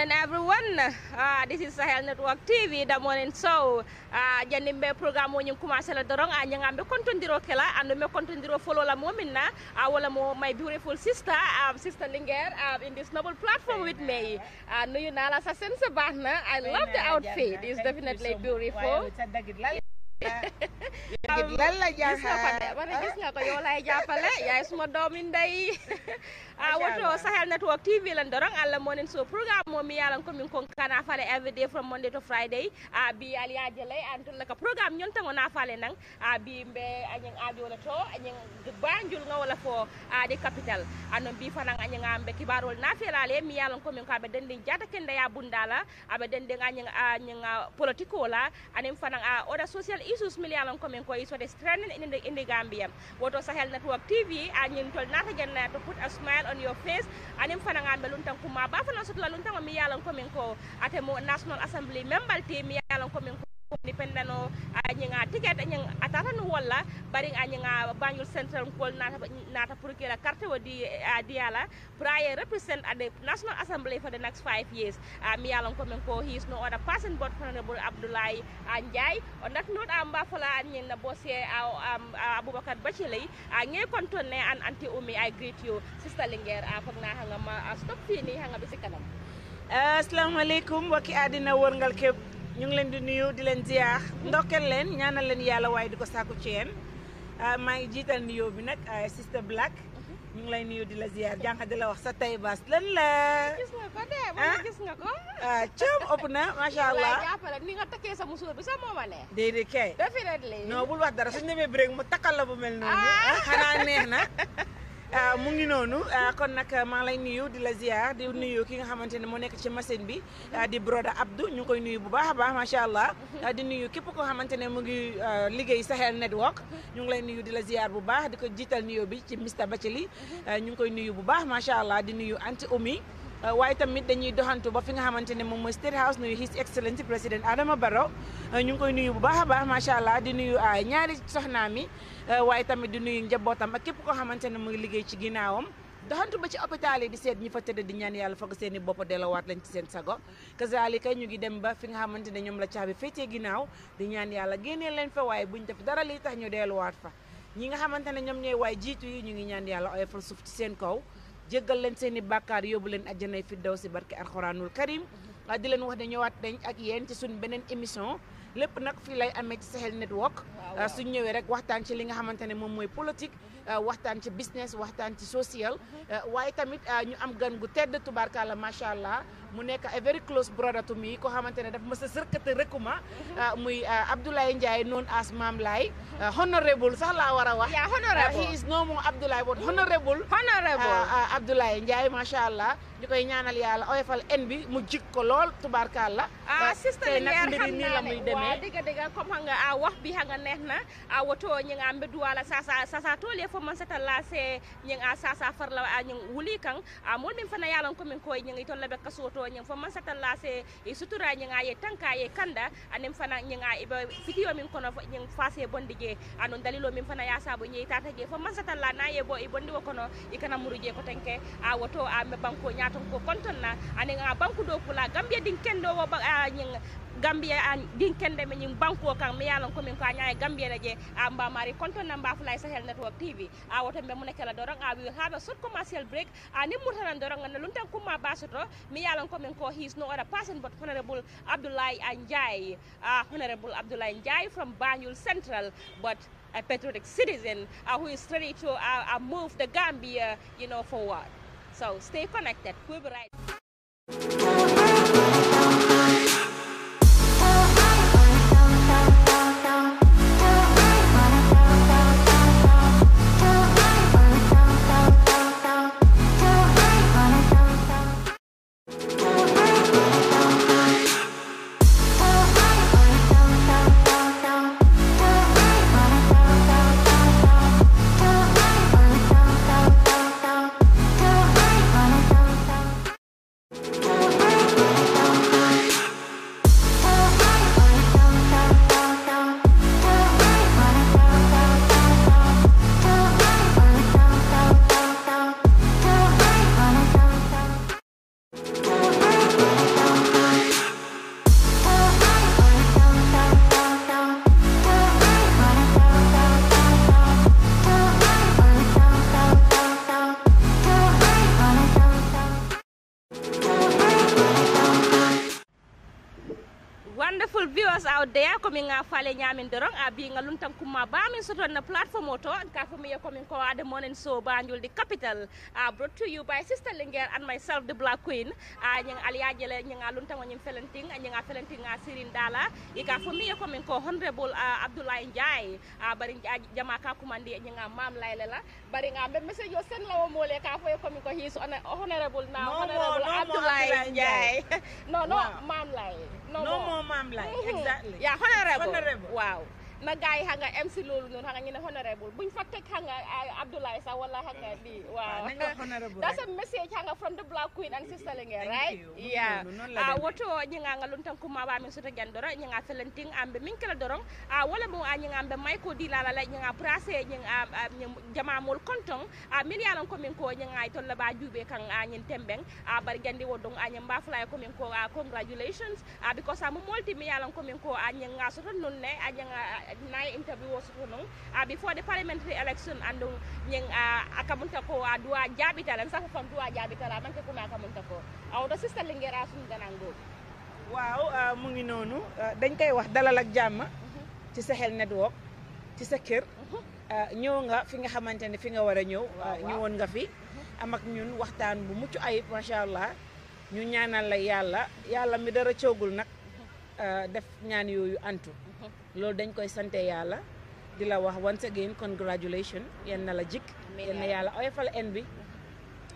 morning, everyone. Uh, this is Sahel Network TV. The morning so, uh, ah, jani mbe program wonyum kumasa la dorong anya ah, ngambe kontondiro kela ando me kontondiro follow la momin na uh, wala mo my beautiful sister um, sister Linger um, in this noble platform with me. Uh, no you nala sa sense bahna. I love the outfit. It's definitely beautiful. gis nga ko yow lay jàppale yaay suma doomi ndey Ah, a sahel network tv lan dorang allah monen so programme momi yalan komin konkana fale everyday from monday to friday a ah, bi aliyaji lay an tolla ka programme fale nang a ah, bi mbe añen ajola to añen banjul nga wala fo a de capital anon bi fanan añen ambe kibarol nafelale mi yalan komin ko aɓe dendin jata kende ya bundala aɓe dendin añen añen politico la anen fanan a oda social issues mi yalan komin ko isode strenen inde inde gambia woto sahel network tv añen tol nata janna ya to put a smile on your face anin fanangan ɓe luntan kumma ba fanan sotla luntan o mi yalan komin ko atemo national assembly membal te mi yalan komin ko dependano a ticket ñing atatan walla bari a ñinga banjul central kol nata nata pour que la carte wo di a diala praye represent a the national assembly for the next 5 years a yalan ko men ko he is no other person but a abdoulaye anjay on that note am na bossé um abubakar bachilay a ñe kontone an anti umi i greet you sister linger a fogna hanga ma stop fini hanga bi ci kanam assalamu alaikum waki adina worngal kep ñu ngi leen di nuyu di leen ziar ndokkeel leen ñaanal leen yàlla waaye di ko sàkku ci yéen ah, maa ngi jiital nuyoo bi nag ah, Sister Black ñu ngi lay nuyu di la ziar jànq di la wax sa tay baas lan la. gis nga ko de ba ah? gis nga ko. ah cëb ëpp na macha allah ni nga takkee sa musóor bi sax moo ma neex. déedéet kay. noo non bul wax dara suñu demee break mu takkal la bu mel noonu. xanaa neex na. Euh, mu ngi noonu euh, kon nag euh, maa ngi lay nuyu di la ziar di nuyu ki nga xamante ne moo nekk ci machine bi di broda Abdou ñu ngi koy nuyu bu baax a baax macha allah di nuyu képp koo xamante ne mu ngi liggéey Sahel Network ñu ngi lay nuyu di la ziar bu baax di ko jiital nuyu bi ci Mr Bathily ñu ngi koy nuyu bu baax macha allah di nuyu anti Oumy Uh, waaye tamit dañuy doxantu ba fi nga xamante ne moom mooy State House nuyu His Excellency président Adama Barrow uh, ñu ngi koy nuyu bu baax a baax macha allah di nuyu uh, ñaari soxnaam yi waaye tamit di nuyu njabootam ak képp koo xamante ne mu ngi liggéey ci ginnaawam. doxantu ba ci hôpital yi di seet di ñaan yàlla foog seen bopp delluwaat lañ ci seen sago kazaalika ñu ngi dem ba fi nga xamante ne ñoom la caabi féetee ginnaaw di ñaan yàlla génnee leen fa waaye buñ def dara lii tax ñu delluwaat fa ñi nga xamante ne ñoom ñooy waay jiitu yi ñu ngi ñaan yàlla oyofal suuf ci seen kaw jéggal leen seen i bàkkaar yóbbu leen àjjanay fi daw si barke alxuraanul karim di leen wax ne waat dañ ak yéen ci suñ beneen émission lépp nag fii lay amee ci Sahel Network suñ ñëwee rek waxtaan ci li nga xamante ne moom mooy politique Euh, waxtaan ci business waxtaan ci social mhm. euh, waaye tamit euh, ñu am gan gu tedd tubaarkàlla macha allah mu nekk a very close brother to me ko xamante ne daf ma sa sërkate rëkkuma mhm. muy Abdoulaye Ndiaye known as Mam Laye mhm. honorable sax laa war a wax he is no more Abdoulaye but honorable Abdoulaye Ndiaye macha allah ñu koy ñaanal yàlla oyofal en bi mu jik ko lool tubaarkàlla ah sister Linguère xam naa ne waaw dëgg dëgg comme xam nga a ah, wax bi xam nga neex na a ah, woto ñi nga fo man sata lase ñing a sasa farla a ñing wuli kan a mol min fana yalon ko min koy ñing tolla be kasoto ñing fo man sata lase e sutura ñing a ye tanka ye kanda anem fana ñing a ibe fitiyo min kono fo ñing fase bondige anon dalilo min fana ya sabu ñi tata je fo man sata la na ye bo e bondi wo kono e kana muruje ko tanke a woto a me banko ñaton ko konton na anen a banku do pula gambia din kendo wo ba ñing gambia an dinkende men yin banko kan mi yalan ko min ko nyaa gambia na je a mari konton na fulay sahel network tv a woto be mun kala dorong a wi have a short commercial break a ni murtanan dorong na luntan kuma basoto mi yalan ko min ko he no other person but honorable abdullahi anjay uh, honorable abdullahi anjay from banjul central but a patriotic citizen uh, who is ready to uh, move the Gambia, you know, forward. So stay connected. We'll be right back. amin dorong abi ngalun ta mabba min sotonna plateforme o to ka famiya komin ko ade monen so banjul the capital uh, brought to you by sister linger and myself the black queen uh, ah, ñing aliaje le ñinga luntango ñim felenting ñinga felenting a sirin dala e ka famiya komin ko honorable uh, abdoulaye njay uh, bari jama ka kumandi ñinga mam layle la bari nga be message yo sen lawo mole ka foye komin ko his honorable now no honorable no abdoulaye njay no no wow. mam layle no, no more, more mam layle mm -hmm. exactly yeah honorable honorable wow na gars yi xam nga am si loolu noonu xam nga ñu ne honorable buñ fa teg xam nga Abdoulaye sax wala xam lii waaw a message xam nga Black Queen and Sister Linguère right yeah a ah, woto ñinga nga lon tan ba min soto gendoro ñinga felenting ambe min kala a ah, wala mo a ah, ñinga ambe may ko di lala la ñinga mol kontong a min yalan ko min ko ñinga to la ba jube kan a ñin a bar gandi wodong a ñin ba fly ko ko a min ko a ñinga a naye interview soto non ah, before the parliamentary election andong yang uh, akamunta ko a ah, di dalam, satu fam duwa jabitala manke kuma akamunta ko awdo ah, sister lingera sun ganango waaw uh, mu ngi noonu uh, dañ koy wax dalal ak jàmm mhm. ci sa xel network ci sa kër ñëw nga fi nga xamante ne fi nga war a ñëw ñëwoon nga fi am mhm. ak ñun waxtaan bu ayib ñu ñaanal la mi dara mhm. def ñaan antu loolu dañ koy sante yàlla di la wax once again congratulation yal na la jikk yal na yàlla oyofal en bi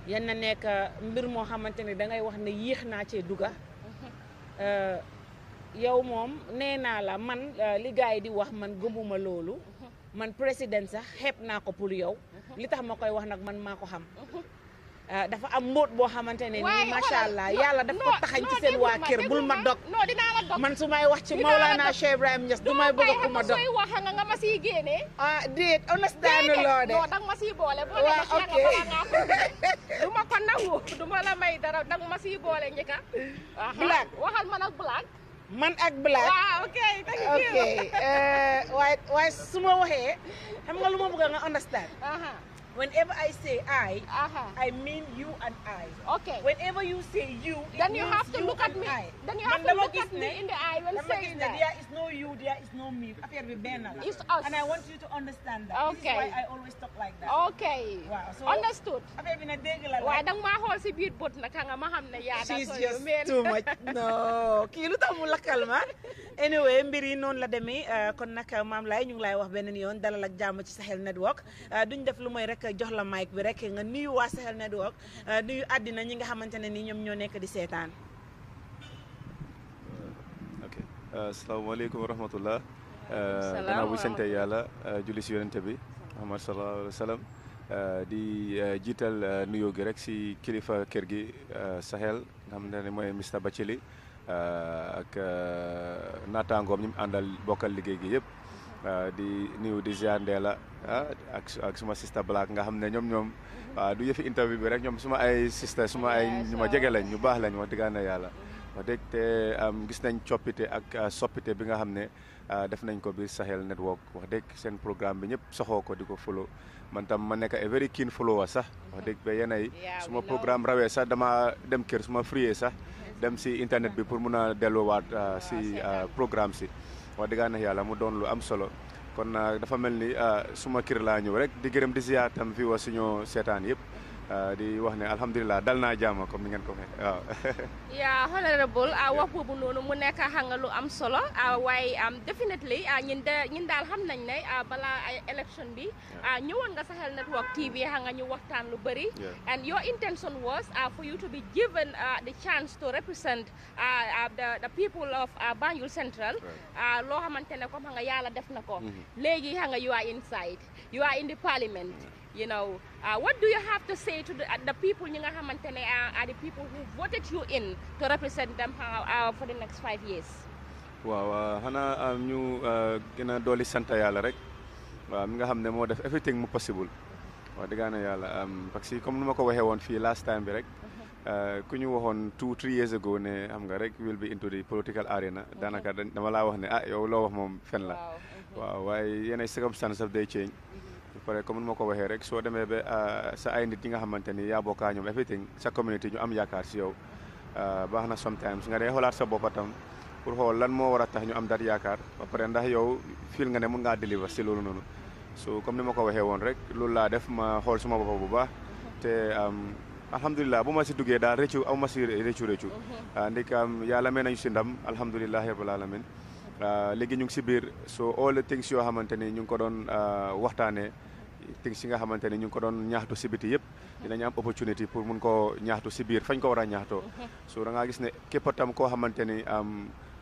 yenn na nekk uh, mbir moo xamante ne dangay wax ne yéex naa cee duga uh, yow moom nee naa la man uh, li gars yi di wax man gëmuma loolu man président sax xeeb naa ko pour yow li tax ma koy wax nag man maa ko xam Eh, dafa am mot bo xamantene ni nii macha allah yàlla daf ko taxañ ci sen wa kër bul ma dog man sumay wax ci Maulana Cheikh Ibrahim Niass du may bëgg ku ma dog wax nga nga ma ah deet honest daanu loo de dang ma siy boole boole ma si nga du ma ko nangu du ma la may dara dang ma siy bolé ñika black waxal man ak black man ak black waaw ok ok euh way way suma waxé xam nga lu bëgg nga understand Whenever I say I, uh-huh. I mean you and I. Okay. Whenever you say you, then you have to look at me. I. Then you have Man, to look at me in the eye when saying that. There is no you, there is no me. It's us. And I want you to understand that. Okay. This is why I always talk like that. Okay. Wow. So Understood. Why dang my horse si put bot na kanga ma na ya She's just too much. No. kilo lu tax mu Anyway, mbiri non la demé kon nak mam lay ñu lay wax benen yoon dalal jamu jamm network. Duñ def rek rek jox la mic bi rek nga nuyu wa Sahel Network euh, nuyu adina ñi nga xamantene ni ñom ñoo nekk di setan euh, ok euh, assalamu alaykum wa rahmatullah. euh gannaaw bu sante yalla julli ci yonente bi Muhammad sallallahu alaihi wasallam di jital nuyu gi rek ci kilifa kër gi Sahel nga xam ne mooy Mr bacheli ak natangom ñu andal bokal bokkal gi yëpp. Eh, di nuyu di ziar Ndella eh, ak ak suma sista Black nga xam nyom nyom, ñoom mhm. ah, du yëfi ya interview bi rek ñoom suma ay sista suma ay ñu ma jege lañ ñu baax lañ wax dëggaan na yàlla wax dëgg te gis nañ coppite ak eh, sopité bi nga xam def nañ ko biir Sahel Network wax dëgg seen programme bi ñëpp soxoo ko di follow man tam ma nek a very keen follower sax wax dëgg ba ya yéen suma programme rawé sax dama dem ah, kër suma frié sax dem si internet bi pour mëna a si programme si waa dëgg neex yàlla mu doon lu am solo kon na ah, dafa mel ni ah, suma kir laa ñëw rek di gërëm di ziar tam fii wa suñu seetaan yëpp. Euh, di wax ne alhamdulilah dal naa jàmm comme ni ngeen ko waxee yaa honorable ah, wax boobu noonu mu nekk xam ah, nga lu am solo ah, waaye definitely ñun da ñun daal xam nañ ne balaa ay election bi. ñëwoon nga Sahel Network a xam nga ñu waxtaan lu bëri. and your intention was for you to be given the chance to represent the the people of Banjul Central. loo xamante ne comme xam nga yàlla def na ko. Mm-hmm. léegi xam nga you are inside you are in the parliament. You know, uh, what do you have to say to the, uh, the people you know, are, are the people who voted you in to represent them uh, uh for the next five years? waaw uh, xanaa uh, ñu gën a dooli sant yàlla rek waaw mi nga xam ne moo def everything mu possible waaw dëgg na yàlla um, parce que comme nu ma ko waxee woon fii last time bi rek mhm. ku ñu waxoon two three years ago ne xam nga rek will be into the political arena mhm. daanaka dama laa wax ne ah yow loo wax moom fen la waaw mhm. waaye yeneen circumstances day change paré comme ni mako waxé rek rek démé bé euh sa ay nit yi nga xamanténi ni boka ñom everything sa community ñu am yakar ci yow euh ah, baxna sometimes nga day xolaat sa bopatam tam pour xol lan mo wara tax ñu am dat yakar ba paré ndax yow nga ne mën nga deliver ci lolu nonu so comme ni mako waxé won rek lolu la def ma xol suma bop bu baax te alhamdulillah bu ma si duggee daal aw ma si réccu rëccu mm-hmm. ah, ndikam yalla mé nañu ci ndam alhamdulillah rabbil alamin ah, léegi ñu nyungsi bir, so all the things yo xamante ni ñu ngi ko things si nga xamante ne ñu ngi ko doon ñaxtu si biti yëpp dinañu am opportunity pour mun koo ñaxtu si biir fañ ko war a ñaxtoo so da ngaa gis ne képp tam koo xamante ni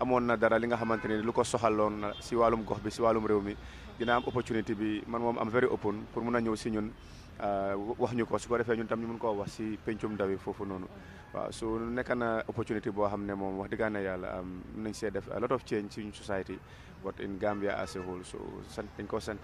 amoon na dara li nga xamante ne lu ko soxaloon si wàllum gox bi si wàllum réew mi dina am opportunity bi man moom am very open pour mun a ñëw si ñun ah, wax ñu ko su ko defee ñun tam ñu mun koo wax si pencum ndawi foofu noonu waaw so nekk na opportunity boo xam ne moom wax dëgg yàlla nañ see def a lot of change suñu society but in Gambia as a whole so sant dañ ko sant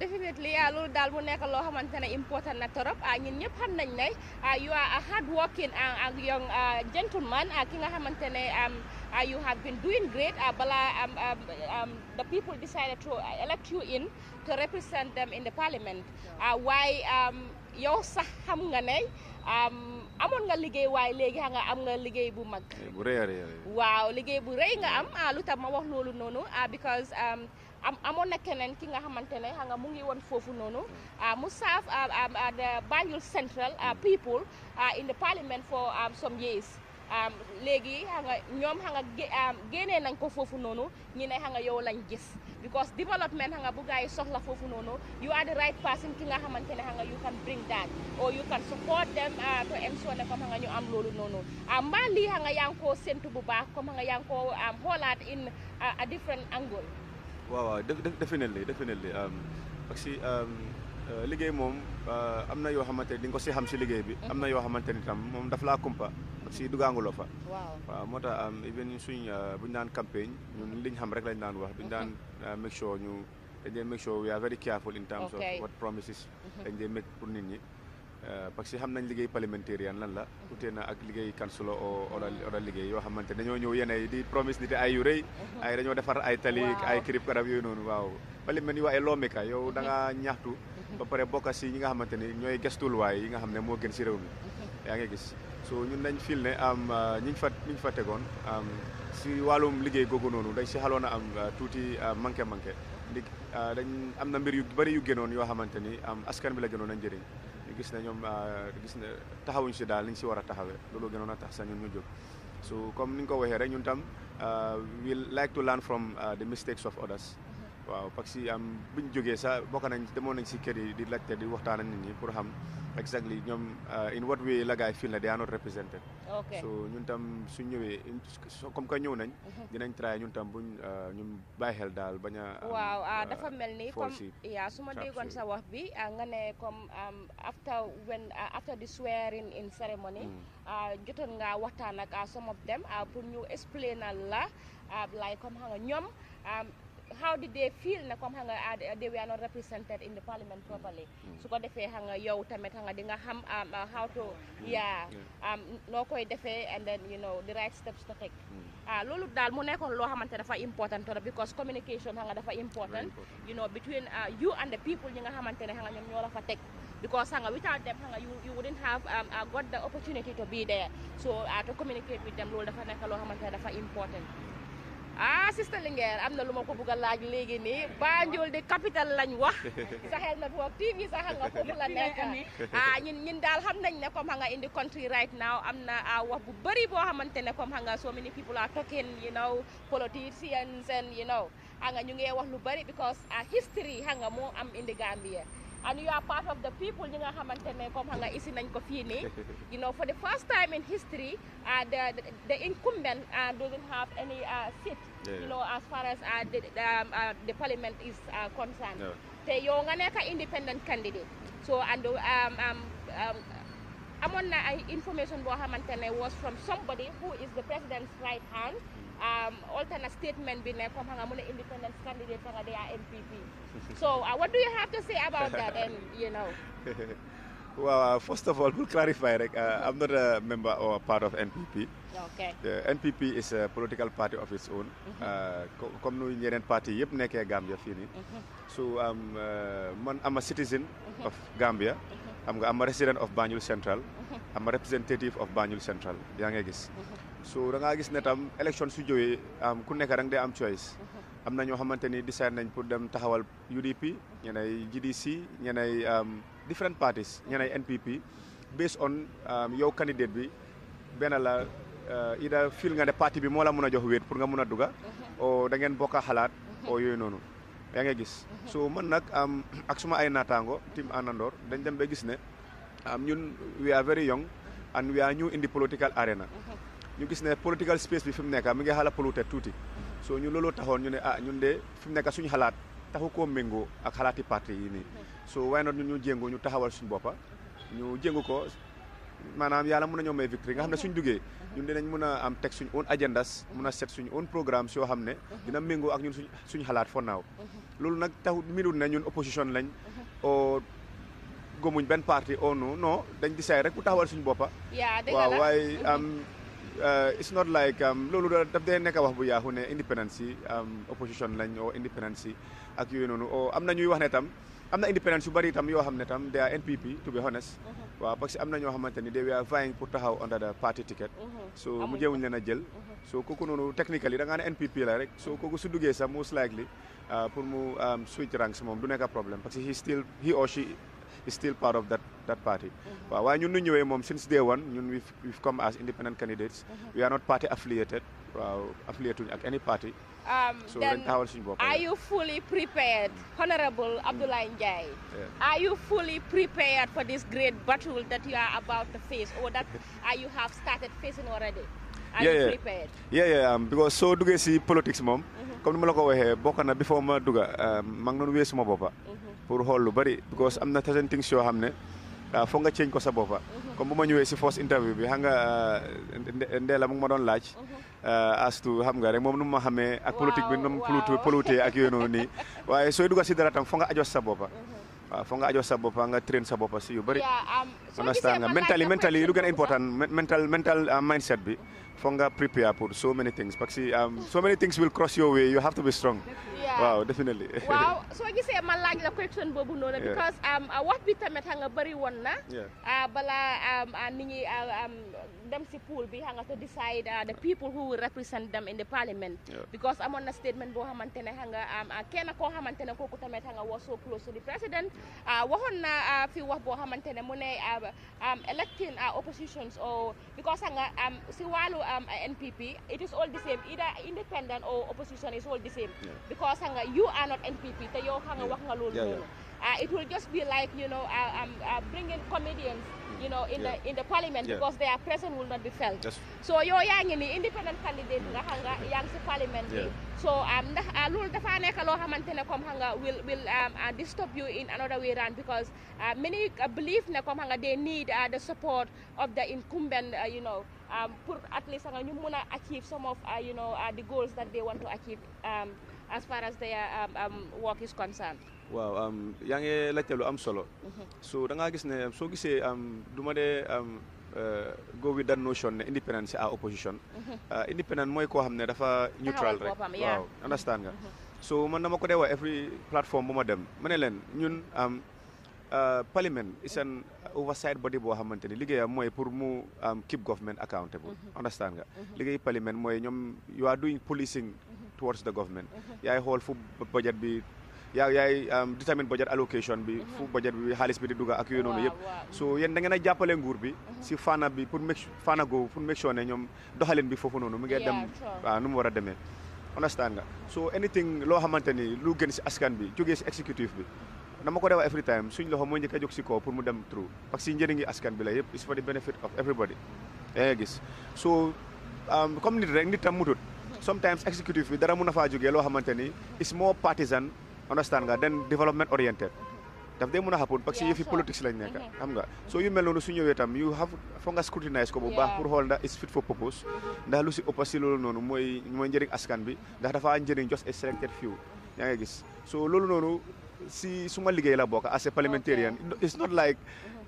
definitely yaa loolu daal mu nekk loo xamante ne important na trop ah ñun ñëpp xam nañ ne a ah, you are a hard working a young ah, gentleman ah ki nga xamante um, a ah, you have been doing great a balaa um, um, the people decided to uh, elect you in to represent them in the parliament ah waaye yow sax xam nga ne. amoon nga liggéey waaye léegi xam nga am nga liggéey bu mag. bu rëy a rëy waaw liggéey bu rëy nga am ah, lu tax ma wax loolu noonu ah, because um, am amoon na keneen ki nga xamante ne xam nga mu ngi woon foofu noonu hmm. ah, mu serve the Banjul Central people in the parliament for um, some years. Um, léegi xam ñoom xam nga génnee nañ ko foofu noonu ñi ne xam nga yow lañ gis. because development hanga buga sohla fofu nono you are the right person ki nga xamantene hanga you can bring that or you can support them uh, to ensure ne comme hanga ñu am lolu nono amba ah, li hanga yang ko sentu bu baax comme hanga yang ko um, holat in a, uh, a different angle wow, wow. De de definitely definitely um actually um uh, liggéey moom uh, am na yoo xamante ni di nga ko si xam si liggéey bi mm-hmm. am na yoo tam moom daf laa kumpa si lo fa waaw moo am um, even suñ uh, buñ daan campagne ñun liñ xam rek lañ daan wax duñ daan uh, make sure ñu dañ dee make sure we are very careful in terms okay. of what promises mm-hmm. dañ dee make pour nit ñi uh, parce que xam nañ liggéey parlementaire lan la mm-hmm. utee na ak liggéey councilor o oda liggéey yoo xamante dañoo ñëw yene di promise nit ay yu rëy mm-hmm. ay dañoo defar ay tali ay kirib garab yooyu noonu waaw ni yow ay lawmaker yow da nga ñaxtu ba pare bokk si ñi nga xamante ni ñooy gestuwaay yi nga xam ne moo gën si réew mi yaa ngi gis so ñun dañ fil ne am uh, ñu fa ñi ñu fa tegoon si wàllum liggéey googu noonu dañ si xaloon a am uh, tuuti uh, manqué manqué ndig dañ am na mbir yu bëri yu génnoon yoo xamante ni am askan bi la gënoon a njëriñ ñu gis ne ñoom gis ne taxawuñ si daal ni ñu si war a taxawee loolu gënoon a tax sa ñun ñu jóg so comme ni ñu ko waxee rek ñun tam we like to learn from the mistakes of others waaw paksi am buñ jógee sa bokk nañ demoon nañ si kër yi di laajte di waxtaan ak nit ñi pour xam exactly ñoom uh, in what way la gaay feel la they are not represented so ñun tam su ñëwee comme que ñëw nañ mhm. dinañ try ñun tam buñ uh, ñun bàyyi xel daal bañ a waaw ah, uh, dafa mel ni comme yaa su ma déggoon sa wax bi ah, nga ne comme after when after the swearing in ceremony mm. ah, jotoon nga waxtaan ak some of them pour ñu explainal la like comme xam nga ñoom how did they feel na comme xam ah, they were not represented in the parliament properly mm. su ko defee xam nga yow tamit xam di nga xam ah, ah, how to mm. yeah um, noo koy defee and then you know the right steps to take mm. ah loolu dal mu nekkoon loo xamante dafa important trop because communication xam dafa important you know between you and the people ñi nga xamante ne xam nga fa teg because hanga, without them hanga, you, you wouldn't have um, uh, got the opportunity to be there so uh, to communicate with them lo dafa nek lo xamantene dafa important ah sista Linguère am na lu ma ko bugg a laaj léegi nii Banjul di capital lañ wax Sahel Network TV sax nga foofu la nekk ah ñun daal xam nañ ne comme nga indi the country right now am na ah, wax bu bëri boo xamante ne comme nga so many people are talking you naw politicians and you know xam nga ñu ngi wax lu bëri because ah, history xam nga moo am indi the and you are part of the people you know for the first time in history uh, the, the, the incumbent uh, doesn't have any uh, seat yeah. you know as far as uh, the, um, uh, the parliament is uh, concerned the yow independent candidate so and um, um, um, amoon na ay uh, information was from somebody who is the president's right hand um, alternate statement bi ne comme xam independent candidate for the NPP. so uh, what do you have to say about that and you know. well, uh, first of all, we'll clarify, uh, I'm not a member or a part of NPP. Okay. The NPP is a political party of its own. Mm-hmm. Uh, Come no independent party. yëpp nekkee Gambia fii nii. Mm-hmm. So um, uh, man I'm a citizen mm-hmm. of Gambia. I'm a resident of Banjul Central. I'm a representative of Banjul Central yaa so da nga gis ne tam election su joye am ku nek rang day am choice am na ño xamanteni decide nañ pour dem taxawal UDP ñenay GDC ñenay um, different parties ñenay NPP based on um, yow candidate bi ben la uh, eh, ida feel nga ne parti bi mo la mëna jox wét pour nga mëna duga o da ngeen boka xalaat o yoy nonu ya nga gis so man nak am ak suma ay natango tim anandor dañ dem ba gis ne um, ñun we are very young and we are new in the political arena ñu gis ne political space bi fi mu nekk mi ngi xala polluté tuuti soo ñu looloo taxoon ñu ne ah ñun de fi mu nekk xalaat taxu koo méngoo ak xalaati parti yi nii so waaye noonu ñun ñu jéngu ñu taxawal suñu boppa ñu jéngu ko maanaam yàlla mën nañoo may victoire nga xam ne suñ duggee ñun dinañ mun a am teg suñ own agendas mun a set suñ own programme yoo xam ne dina méngoo ak ñun suñ suñ xalaat fon naaw loolu nag taxut minut ne ñun opposition lañ oo gomuñ benn parti o non non dañ di say rek bu taxawal suñu boppa Uh, it's not like um, loolu daf dee nekk wax bu yaaxu ne independence yi um, opposition lañ oo independence yi ak yooyu noonu oo am na ñuy wax ne tam am na independence yu bëri itam yoo xam ne tam they are NPP to be honest. Uh-huh. waaw parce que am na ñoo xamante ni they were vying pour taxaw under the party ticket. Uh-huh. so mu jéewuñ leen a jël. Uh-huh. so kooku noonu technical yi da ngaa ne NPP la rek so kooku su duggee sax most likely uh, pour mu um, switch ranks moom du nekk problème parce que is still part of that that party waaw mm-hmm. waaye ñun ñu ñëwee since day one we've we we've come as independent candidates mm-hmm. we are not party affiliated waaw affiliated ak any party Um, so then are you fully prepared, Honorable Abdullah Njai? Yeah. Are you fully prepared for this great battle that you are about to face, or that uh, you have started facing already? Are yeah, you yeah. prepared? Yeah, yeah, um, because so duge see politics mom, Come -hmm. comme numa la ko na before ma duga, um, mang non wé pour xool lu bëri because am na certain things yoo xam ne foog nga change ko sa boppa mhm. comme bu ma ñëwee si first interview bi xam nga euh, Ndella mu ngi ma doon laaj mhm. euh, astu xam nga rek moom nu ma xamee ak politique bi nu mu polutee ak yooyu noonu nii waaye sooy dugal si dara tam foog nga ajos sa boppa mhm. waaw foog nga ajos sa boppa nga train sa boppa si yu bëri um, understand nga mentally mentally lu gën a important mental mental uh, mindset bi foog prepare for so many things um, so many things will cross your way you have to be strong. Wow, definitely. so I gisee say, Malang the question because um, uh, wax bi tamit xam nga bëri woon na. Uh, balaa um, uh, nit um, dem si pool be hanga to decide the people who will represent them in the parliament. because I'm on a statement boo xamante hanga. I nga kenn koo xamante ko kuta met hanga was so close to the president waxoon na fi wax boo xamante ne mu um, electing oppositions or oh, because hanga um, si um, NPP it is all the same either independent or opposition is all the same because you are not NPP te yow xam nga wax nga uh, it will just be like you know uh, um, uh, bringing comedians you know in the in the parliament because their presence will not be felt so you are ngi independent candidate nga xam si parliament so um, ndax the dafa nekk loo xamante ne comme will will disturb you in another way around because many believe ne comme they need the support of the incumbent you know um, pour at least uh, you muna achieve some of uh, you know uh, the goals that they want to achieve um, as far as their um, um, work is concerned. waaw um, yaa ngi laajte lu am solo. Mm-hmm. so da ngaa gis ne um, soo gisee um, du ma de um, uh, go with that notion ne independence à opposition. Mm-hmm. Uh, independent mooy koo xam ne dafa neutral rek waaw understand nga. Mm-hmm. so man dama ko dee every platform bu ma dem ma ne leen ñun um, uh, parliament is an oversight body boo xamante ni liggéeyam mooy pour mu um, keep government accountable mm-hmm. understand nga mm-hmm. liggéey parliament mooy ñoom you are doing policing mm-hmm. towards the government yaay xool fu budget bi yaa yaay um, determine budget allocation bi fu budget bi xaalis bi di dugga ak yooyu noonu yëpp so yéen da ngeen a jàppale nguur bi si faana bi pour make faana googu pour make sure ne ñoom doxalin bi foofu noonu mu ngi dem waaw mu war a demee understand ga so anything loo xamante ni lu gën si askan bi jógee si exécutif bi dama ko dewa every time suñ loxo mo ñëk jox ci ko pour mu dem trou parce que ñëri ngi askan bi la yépp ya, is for the benefit of everybody yaa ya, gis so comme um, nit rek nit tam mutut sometimes executive bi dara mu na fa jógee lo xamanteni is more partisan understand nga then development oriented daf day mu na happen parce que yëfi politics lañ nekk xam nga so yu mel nonu su ñëwé tam you have foo nga scrutinize ko bu baax ya. pour hol is fit for purpose ndax lu ci opposé lolu nonu moy moy askan bi ndax dafa ñëri just a selected few ya nga gis so lolu nonu si suma liggéey la bokk as a parliamentarian it's not like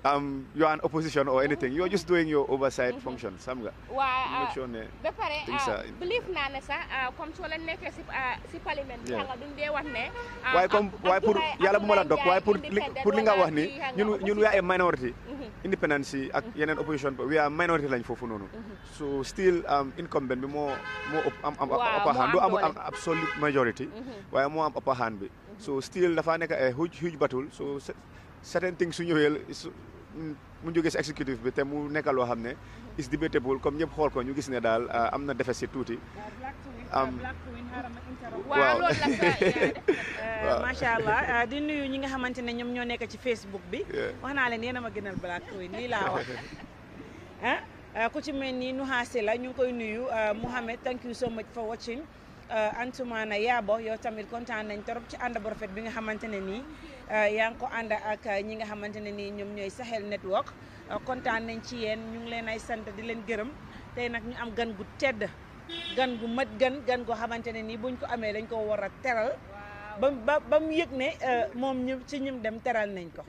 um, you're an opposition or anything you're just doing your oversight mhm. function xam nga. waaw ah, ba pare ah, believe naa sax ah, waaye comme waaye pour yàlla bu ma la dog waaye pour li li nga wax ni ñun ñun we a minority. Mhm. independence yi ak mhm. yeneen opposition bi we are minority lañ foofu noonu. so still um, incumbent bi moo moo ëpp am am upper hand du am absolute majority. waaye moo am upper hand bi. so still dafaa nekk a huge huge batul so certain things su ñëwee mu jógee si exécutif bi te mu nekk loo xam ne is debatable comme ñëpp xool ko ñu gis ne daal ah, am na déficit tuuti. am waaw waaw eh, macha allah ah, di nuyu ñi nga xamante ne ñoom ñoo nekk ci Facebook bi. wax naa leen yéen a ma gënal Black Queen lii laa wax ah, ah ku ci mel ni nu Sela ñu ngi koy nuyu Mohamed thank you so much for watching. Eh, ya bo yo tamit yo nañ torop ci and bu bi nga xamantene ni nii eh, ko and ak ñi nga xamantene ni ñom ñoy Sahel Network eh, kontan nañ ci yeen ñu ngi leen ay sante di leen gërëm tay nak ñu am gan gu tedd gan gu mat gan gan go xamantene ni buñ ko amé dañ ko wara teral yek ne mom ñu ci ñum dem teral nañ ko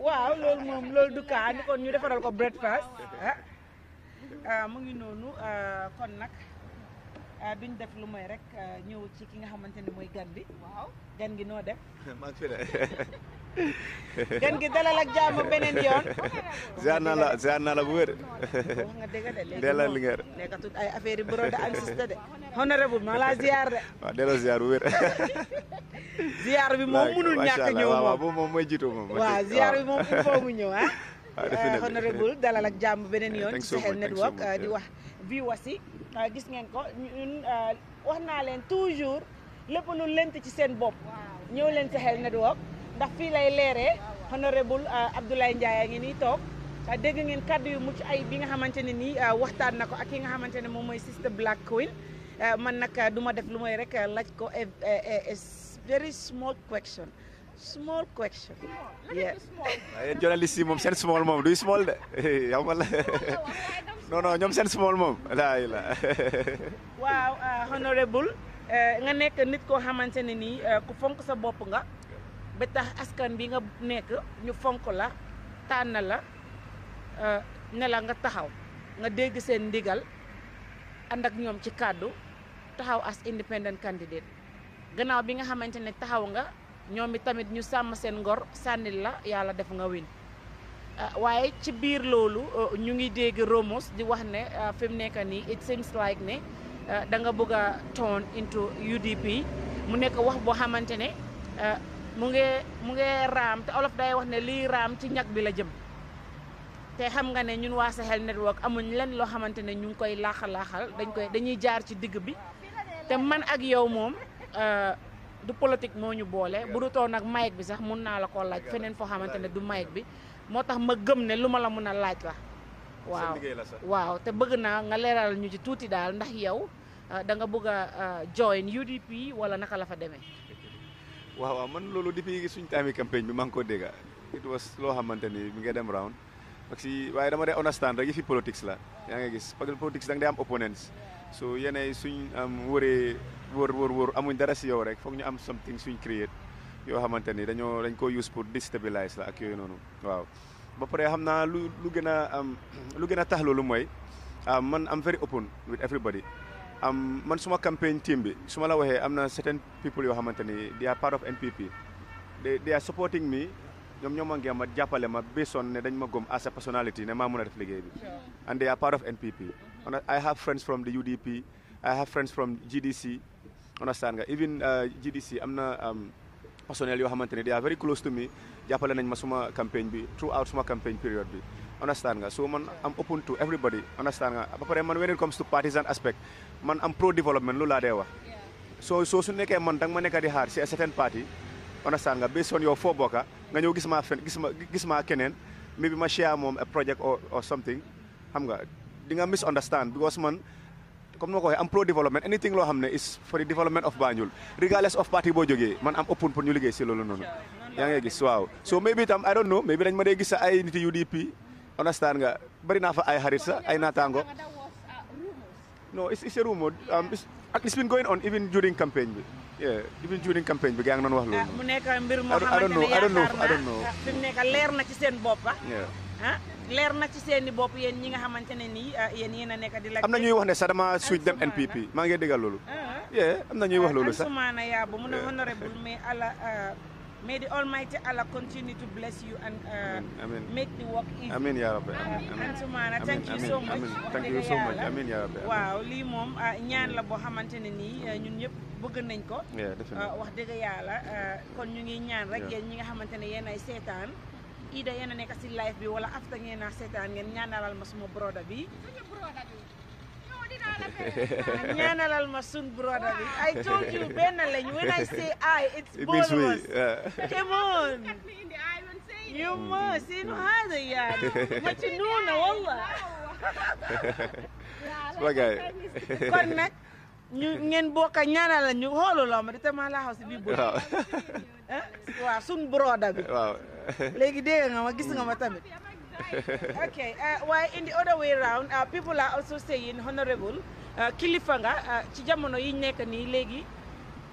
waaw loolu mom loolu du ka ni ko ñu defaral ko breakfast ah. Euh, mu ngi noonu euh, kon nag euh, duñ def lu mooy rek ñëw ciki nga xamante ni mooy gan bi. waaw gan gi noo def. maa ngi fi gan gi dalal ak jàmm beneen yoon. ziar naa la ziar naa la bu wér. wax nga dëgg de léegi moom nekkatul la ziar de. waaw delloo ziar bu wér. ziar bi moom munul ñàkk ñëw moom macha allah waaw moom mooy jiitu moom. waaw ziar bi moom il faut mu ñëw ah. Eh, honorable dalal ak jàmm beneen eh, yoon ci Sahel Network eh, di wax viewers yi gis ngeen ko ñun wax naa leen toujours lépp lu lent ci Network ndax fii lay honorable Abdoulaye Ndiaye a ngi nii toog dégg ngeen kàddu yu mucc ay bi nga xamante waxtaan ko ak ki nga Sister Black Queen man nag du ma def lu rek ko a very small question small question. Small. Yeah. journaliste yi moom seen small moom duy small de yow ma no no non ñoom seen small moom laa la waaw uh, honorable uh, nga nekk nit koo xamante ne nii uh, ku fonk sa bopp nga ba tax askan bi nga nekk ñu fonk la tànn la ne la nga taxaw nga dégg seen ndigal ci taxaw as independent candidate gannaaw bi nga xamante ne taxaw nga ñoom tamit ñu sàmm seen ngor sànnil la yàlla def nga win euh, waaye ci biir loolu euh, ñu ngi dégg romos di wax ne euh, fi nekk nii it seems like ne da nga bëgg turn into udp mu nekk wax boo xamante ne mu ngi mu ngi raam te olof day wax ne lii raam ci ñag bi la jëm te xam nga ne ñun waa Sahel network amuñ len loo xamante ne ñu ngi koy laaxal laaxal dañ koy dañuy jaar ci digg bi te man ak yow moom du politique moñu bolé bu do to nak mayek bi sax mën na la ko laaj fenen fo xamantene du mayek bi motax ma gëm né luma lah la wow laaj la waaw waaw té bëgg na nga léral ñu ci tuuti dal ndax yow ah, da nga bëgga ah, join UDP wala naka la fa démé waaw man loolu gi suñu tammi campagne bi maa ko dégga it was lo xamante mi ngi dem round parce que waye dama dé onastan rek yi fi politics la ya nga gis parce politics da nga am opponents so yeneen suñ am wëree wër wër wër amuñ dara si yow rek foog ñu am something suñ create yoo xamante ni dañoo dañ ko use pour déstabiliser la ak yooyu noonu waaw ba pare xam naa lu lu gën a am lu gën a tax loolu mooy man am very open with everybody am man suma campagne tiim bi su ma la waxee am na certain people yoo xamante ni they are part of NPP they they are supporting me ñoom ñoo ma ngi ma jàppale ma based on ne dañ ma gom as a personality ne maa mën a def liggéey bi and they are part I have friends from the UDP. I have friends from GDC. Understand nga even uh, GDC i am na um, personnel yoo xamante they are very close to me jàppale and Masuma campaign campagne throughout my campaign period Be understand so man am open to everybody understand nga man when it comes to partisan aspect man am pro development loolu laa so so soon, nekkee man danga ma nekk a certain party understand based on your foo bokka nga ñëw gis maa fen gis maybe ma share moom a project or or something xam di nga misunderstand because man comme nako am pro development anything lo xamne is for the development of Banjul regardless of party bo joge man am open pour ñu liggéey ci lolu nonu ya ngay gis waaw so maybe tam i don't know maybe dañ ma day gis ay nit UDP understand nga bari na fa ay harissa ay natango no it's, it's a rumor um, it's, it's been going on even during campaign bi yeah even during campaign bi gang non wax lolu ah, mu nek mbir mo xamantene I don't know I don't know I don't know fim nek leer na ci sen bop ha ah. ah leer na ci seeni bopp yéen ñi nga xamante ne nii ah, yéen yéen di ñuy wax ne sa dama dem NPP ngi ah, ah. ñuy wax sax mu honorable mais ala May the Almighty Allah continue to bless you and uh, Amen. make the work easy. Amen, Ya Rabbi. Amen. Amen. Antumana, thank Amen. you so much. Amen. Thank you so much. Amen, Ya Rabbi. Waaw, lii moom ñaan la boo xamante ne ñun ñëpp bëgg nañ ko. wax dëgg yàlla kon ñu ngi ñaan rek yéen ñi nga xamante ne yéen ay seetaan ida yena nekk si live bi wala after ngeen a seetaan ngeen ñaanalal ma suma broda bi ñaanalal ma sun broda bi I told you benn lañ when I say I it's both of us come on you must inu hada yaa majnuuna wallah suma gaay kon nag ñu ngeen bokk ñaanalal ñu xooluloo ma di tama laa xaw si bii sun broda bi waaw léegi dégg nga ma gis nga ma tamit. okay uh, waaye in the other way round uh, people are also saying honorable uh, kilifa nga ci jamono yi nekk nii léegi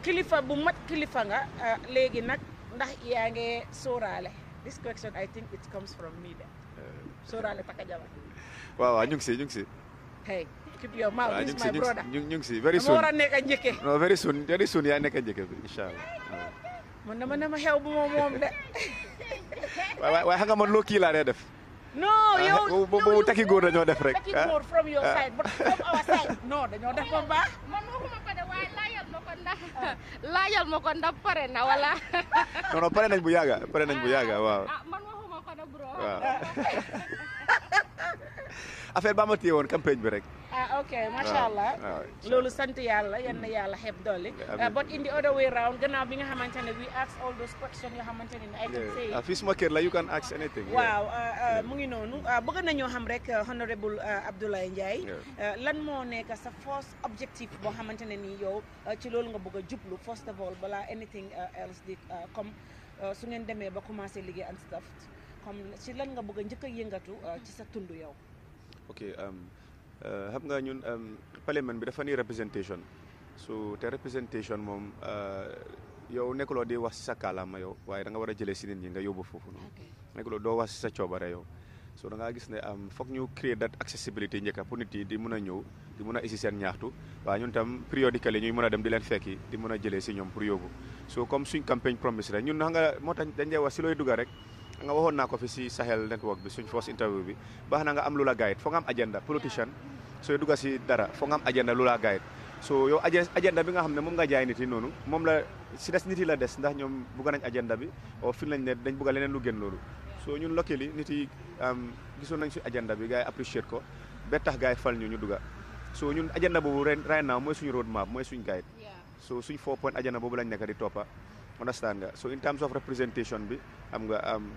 kilifa bu mat kilifa nga léegi nag ndax yaa ngi sóoraale this question I think it comes from me de sóoraale Taka Jawara. waaw waaw ñu ngi si ñu ngi si. hey si ñu ngi si very soon. dama very soon yaa nekk a njëkke allah. man dama ne ma xew bu moom moom de. waaye xam nga loo kii laa dee def. non ah, yow bu bu takki góor dañoo def rek. takki góor ah, from your ah. side but from our side. non def ba mu baax. man waxuma ko de waaye laajal ma ko pare na wala. non pare nañ bu yàgga pare nañ bu yàgga waaw. affaire ba ma téye woon bi rek. ah ok macha allah loolu sant yàlla yenn na yàlla xeeb dolli. Ah, but in the other way round gannaaw bi nga xamante ne we ask all those questions yoo xamante ne I can say. Ah, fii suma kër la you can ask anything. waaw ah, mu ngi noonu bëgg nañoo xam rek honorable Abdoulaye Njie lan moo nekk sa first objectif boo xamante ne nii yow ci loolu nga bëgg a jublu first of all balaa anything else di comme su ngeen demee ba commencé liggéey and stuff comme ci lan nga bëgg a njëkk a yëngatu sa tund yow. Okay, um, uh, xam nga ñun um, parlement bi dafa ni représentation su te représentation moom uh, yow nekkuloo di wax si sa kaalaama yow waaye da nga war a jëlee si nit ñi nga yóbbu foofu noonu nekkuloo doo wax si sa coobare yow so da ngaa gis ne am um, foog ñu créer that accessibility njëkka pour nit yi di mun a ñëw di mun a isi seen ñaaxtu waaye ñun tam périodiquement ñuy mën a dem di leen fekki di mun a jëlee si ñoom pour yóbbu so comme suñ campagne promise rek ñun xam nga moo tax dañ lay wax si looy dugga rek nga waxon nako fi ci sahel network bi suñ first interview bi baxna nga am lula guide fo nga am agenda politician so duga si dara fo nga am agenda lula guide so yow agenda bi nga xamne mom nga jaay nit yi nonu mom la si dess nit yi la dess ndax ñom bëgg nañ agenda bi o fi lañ ne dañ bëgg leneen lu gën lolu so ñun locally nit yi um, gisoon nañ ci agenda bi gaay appreciate ko be tax gaay fal ñu ñu duga so ñun agenda bobu right now moy suñu road map moy suñu guide so suñ four point agenda bobu lañ nekk di toppa understand nga so in terms of representation bi am nga um,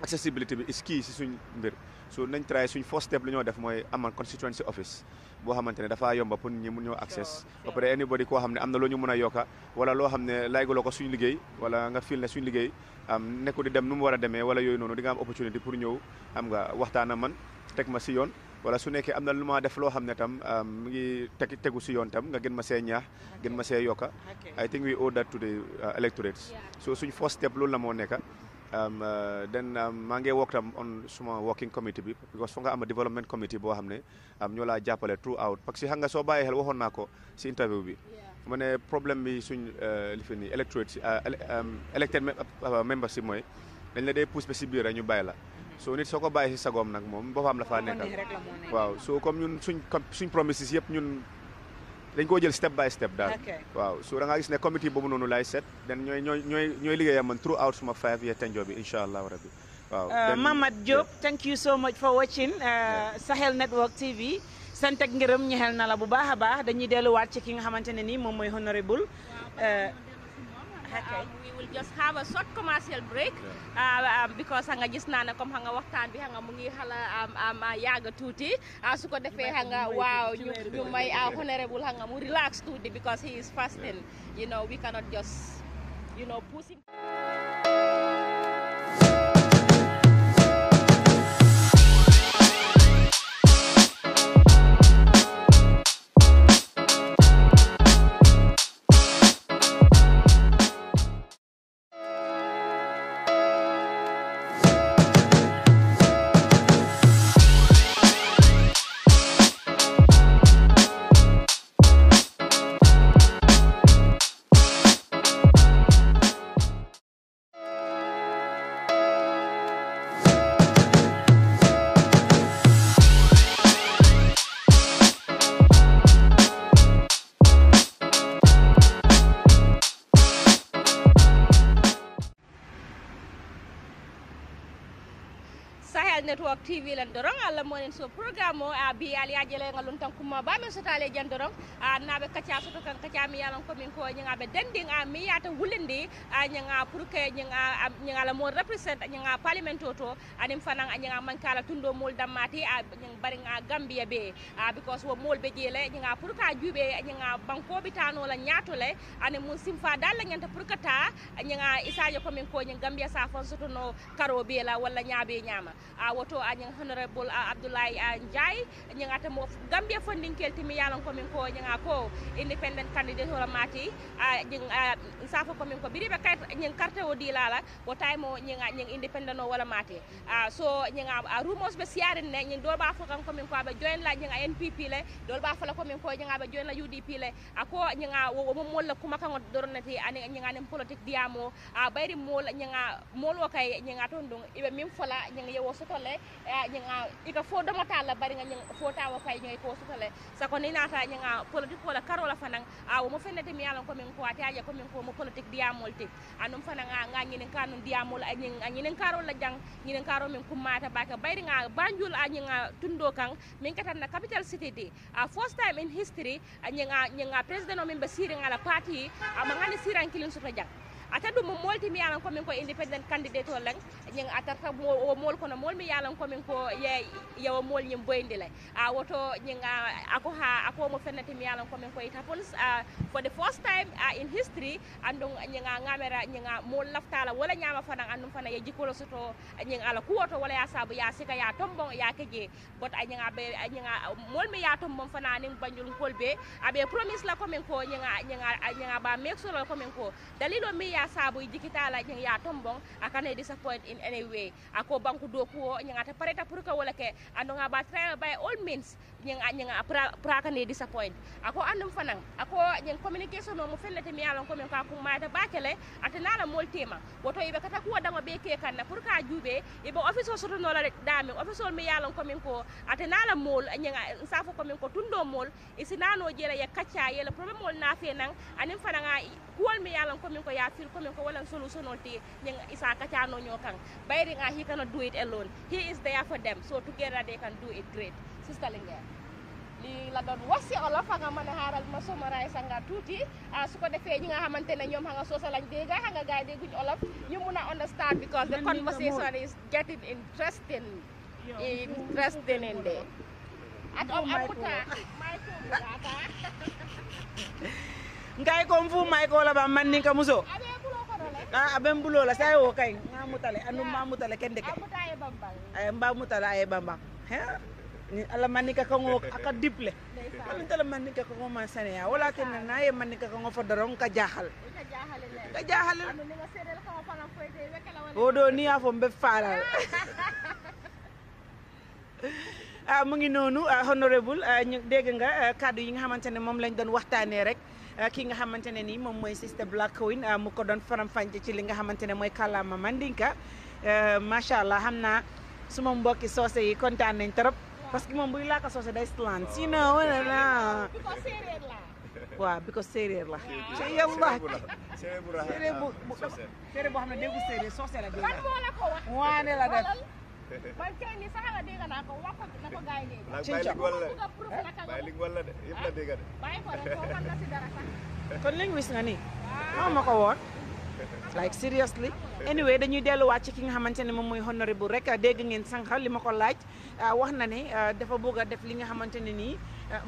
accessibilité bi ski si suñ mbir so nañ try suñ first step lu ñoo def mooy amal constituency office boo xamante ne dafaa yomba pour ñi mun ñoo access ba pare anybody koo xam ne am na loo ñu mun a yokka wala loo xam ne layguloo ko suñ liggéey wala nga fiil ne suñ liggéey am nekku di dem nu mu war a demee wala yooyu noonu di nga am opportunité pour ñëw am nga waxtaan ak man teg ma si yoon wala su nekkee am na lu maa def loo xam ne tam mu ngi teg tegu si yoon tam nga gën ma see ñaax gën ma see yokka I think we owe that to the uh, electorates so suñ loolu la moo nekka Um, uh, then um, maa ngi work tam um, on suma working committee bi because foog nga am development committee boo xam ne um, ñoo laa jàppale throughout parce que xam nga soo bàyyi xel waxoon naa ko si interview bi mu ne problème bi suñ uh, li fi nii electorate si uh, elected uh, member si mooy dañ la dee pousse ba si biir rek ñu bàyyi la mm-hmm. soo nit soo ko bàyyi si sagoom nag moom boppam la faa nekkal waaw soo comme ñun suñ suñ promises yëpp ñun dañ ko jël step by step daal. waaw su da ngaa gis ne comité boobu noonu laay set. den ñooy ñooy ñooy ñooy liggéeyam man throughout suma five year tenure bi incha allah rabbi waaw. Uh, Mamad Diop thank you so much for watching uh, Sahel Network TV. sant ak ngërëm ñexel na la bu baax a baax dañuy delluwaat ci ki nga xamante ne nii moom mooy honorable. just have a short commercial break uh, um, because xa just gis na ne comme xa nga waxtaan bi xa nga mu ngi xala am um, um, uh, yàgg tuuti uh, su ko defee xa nga waaw ñu may honorable xa nga mu relax tuuti because he is fasting you know we cannot just you know push him tv len dorong allah len so programme a bi ali jele ngalun tan kuma ba men tale jan dorong a nabe kacha soto kan kacha mi yalan ko min ko nyanga be dending a mi ta wulindi a nyanga pour que nyanga nyanga la mo represent nyanga parliament to anim fanan nyanga man kala tundo mol damati a nyanga bari nga gambia be a because wo mol be jele nyanga pour ka jube nyanga banko bitano la nyato le ane mo simfa dal la nyanta pour kata nyanga yo ko min ko nyanga gambia sa fon to no karo be la wala nyaabe nyama a woto a ñanga honorable ah, abdoulaye ah, ndiaye ñanga tamo gambia fondinkel timi yalan komin ko ñanga ko independent candidate wala mati ah, ñing safo komin ko biribe kay ñing carte o dilala wo taymo ñanga ñing independent o wala mati a so ñanga rumos be siarin ne ñing dol ba fo kan min ko be join la ñanga npp le dol ba fo la min ko ñanga be join la udp le ako ñanga wo mo molla kuma kan dornati ani ñanga nem politique diamo bayri mol ñanga mol wo kay ñanga ton dum ibe min fola ñanga yewo sotole Eh, ñinga ika fo domata la bari nga ñing fo tawa fay ñay ko sutale sa ko ni nata ñinga politique wala karola fanang a wo mo fenete mi yalan ko min ko ati aja ko min ko mo politique diamol te anum fananga nga ñinin kanun diamol a ñing a ñinin karol la jang ñinin karo min kummata baka bayri nga banjul a ñinga tundo kan min katan na capital city di a first time in history a ñinga ñinga president o min be siri nga la party a mangani siran kilin suta jang atadu mo molti mi yalan min ko independent candidate o lan ñin atarta o mol na mol mi yalan min ko yewa mol ñin boyndi la a woto ñin ako ha ako mo fennati mi yalan min ko it happens uh, for the first time uh, in history andum ñin ngamera ñin mol laftala wala ñama fana andum fana ye jikolo soto ñin ala woto wala ya sabu ya sika ya tombon ya keje bot a ñin be ñin mol mi ya tombon fana nin banjul kolbe abe promise la min ko ñin ñin ñin ba make ko min ko dalilo mi ya ya sabu kita ala nyang ya tombong akana disappoint in any way ako banku doku o nyang ata pareta pour ka wala ke ando nga ba by all means yang nyang pra pra ka ne disappoint ako andum fanang ako nyang communication no mo fellete mi alon ko men ka kum mata bakele ata nala mol tema woto ibe kata ko dango be ke kan na pour ka jube ibe office soto no la dami office mi yalon ko men ko ata nala mol nyang safo ko men ko tundo mol isinano jela ya kacha yela problem mol na fe nan anim fananga kuol mi yalon ko men ko ya fil kolen ko walan solution on ti nyen isa tiano ño kan bayri nga he cannot do it alone he is there for them so together they can do it great sister lingeer li la don wasi fa nga mën haral xaaral ma somaraay sanga tuti su ko defé ñi nga xamantene ñom ñoom nga soosa lañ dégg xa nga gaay guñ olof ñu mun understand because the conversation is getting interesting interesting in there at om amuta my phone ngay ko mfu may ko la ba ni ka muso na aben bulo la sai wo kai nga mutale anu ma mutale ken deke ay mba mutale ay bamba he ni ala ni ka ko aka diple ala tala ni ka ko ma sane ya wala ken na ye ni ka ko fo doron ka jahal e ka jahal o do ni afo mbe faral ah mu ngi nonu ah, honorable ah, deg nga ah, kaddu yi nga xamantene mom lañ doon waxtane rek ki nga xamante ne nii moom mooy Sister Black Queen mu ko doon faram-fàcce ci li nga xamante ne mooy kàllaama Mandinka macha allah xam naa suma mbokki soose yi kontaan nañ trop parce que moom buy laaka soose day slant si non wala la waaw bi ko séeréer la ci yàlla séeréer bu séeréer boo xam ne déggu séeréer la waane la def man kay nii sax la dégg naa ko wax ko ko gars yi dégg. ci njab kon linguiste nga nii. waaw ah. ma ko woon. like seriously anyway dañuy delluwaat ci ki nga xamante ne moom mooy honorable rek dégg ngeen sànq li ma ko laaj ah, wax na ne ah, dafa bëgg a def li nga xamante ne nii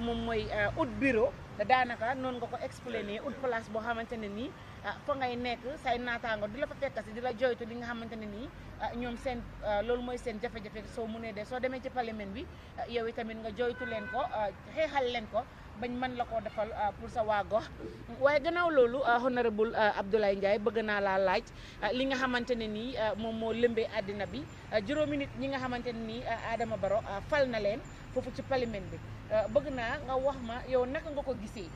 moom mooy ut bureau daanaka noonu nga ko expliqué ut place boo xamante ne nii. ah fa ngay nekk say naataango di la fa fekk si di la joytu li nga xamante ne nii ah, ñoom seen ah, loolu mooy seen jafe-jafe soo mënee de soo demee ci parlement bi ah, yow tamit nga joytu leen ko xeexal leen ko bañ mën la koo defal pour sa waa gox waaye gannaaw loolu honorable Abdoulaye Ndiaye bëgg naa laa laaj li nga xamante ne nii moom moo lëmbee àddina bi juróomi nit ñi nga xamante ne nii Adama Barrow fal na leen foofu ci parlement bi bëgg naa nga wax ma yow naka nga ko gisee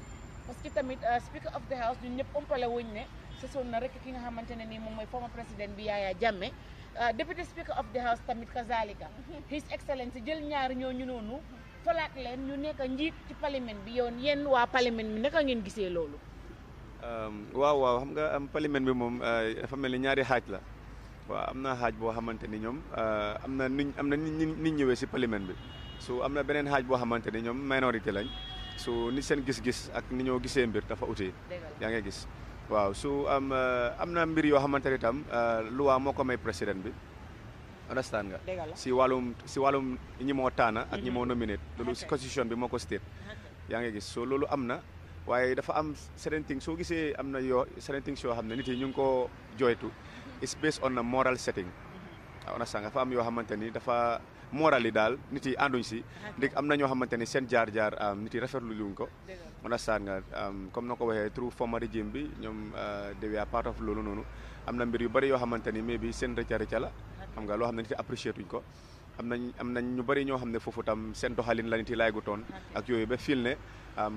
parce que tamit euh, speaker of the house ñun ñëpp ëmpale wuñ ne sësoon na rek ki nga xamante ne nii moom mooy former président bi Yaya Jammeh euh, député speaker of the house tamit kazalika mhm. his excellence jël ñaar ñaari ñooñu noonu falaat leen ñu nekk njiit ci parlement bi yoon yéen waa parlement bi naka ngeen gisee loolu euh, waaw waaw xam nga am bi moom dafa mel ni ñaari xaaj la waa am na xaaj boo xamante ni ñoom am na nuñ am na niñ ñëwee si parlement bi su am na beneen xaaj boo xamante ni ñoom minorité lañ so ni sen gis-gis ak ni ñoo gisee mbir dafa uti ya nga gis waaw so am uh, am na mbir yoo xamante tam uh, loi moo ko may président bi understand nga si walum si walum ñi moo taana ak ñi mhm. moo nominate loolu si constitution bi moo ko state yang nga gis so loolu amna? na waaye dafa am certain things soo gisee am na yoo certain things yoo xam ne nit yi ñu ngi joytu is based on a moral setting mhm. understand nga dafa am yoo xamante ni dafa moral yi daal nit yi ànduñ si ndig am na ñoo xamante ni seen jaar-jaar nit yi rafetlu luñ ko understand nga comme na ko waxee through a régime bi ñoom euh, they a part of loolu noonu am na mbir yu bëri yoo xamante ni mais bi seen rëcca rëcca la xam nga loo xam ne nit yi apprécié tuñ ko am na am nañ ñu bari ñoo xam ne foofu tam seen doxalin la nit yi laaygu toon ak yooyu be fiil ne euh,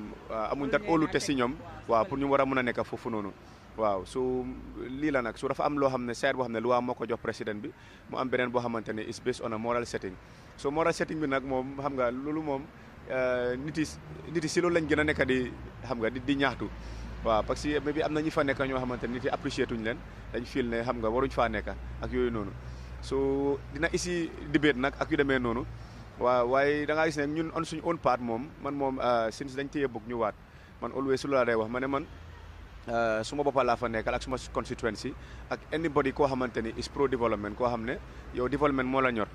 amuñ dat olu te si ñoom waaw pour ñu war a mën a nekka foofu noonu waaw su lii la nag su dafa am loo xam ne seet boo xam ne loi moo ko jox président bi mu am beneen boo xamante ne is based on a moral setting so moral setting bi nag moom xam nga loolu moom euh, nit yi nit yi si loolu lañ gën a nekka di xam nga di di ñaxtu waaw parce que mais bi am na ñu fa nekk ñoo xamante ne nit yi apprécié tuñ leen dañ fiil ne xam nga waruñ faa nekk ak yooyu noonu soo dina isi debate nag ak yu demee noonu waaw waaye da gis ne ñun on suñu own moom man moom euh, since dañ téye bëgg ñu waat man always su la day wax ma ne man Euh, suma boppa laa fa nekkal ak suma constituency ak anybody koo xamante ni is pro development koo xam ne yow development moo la ñor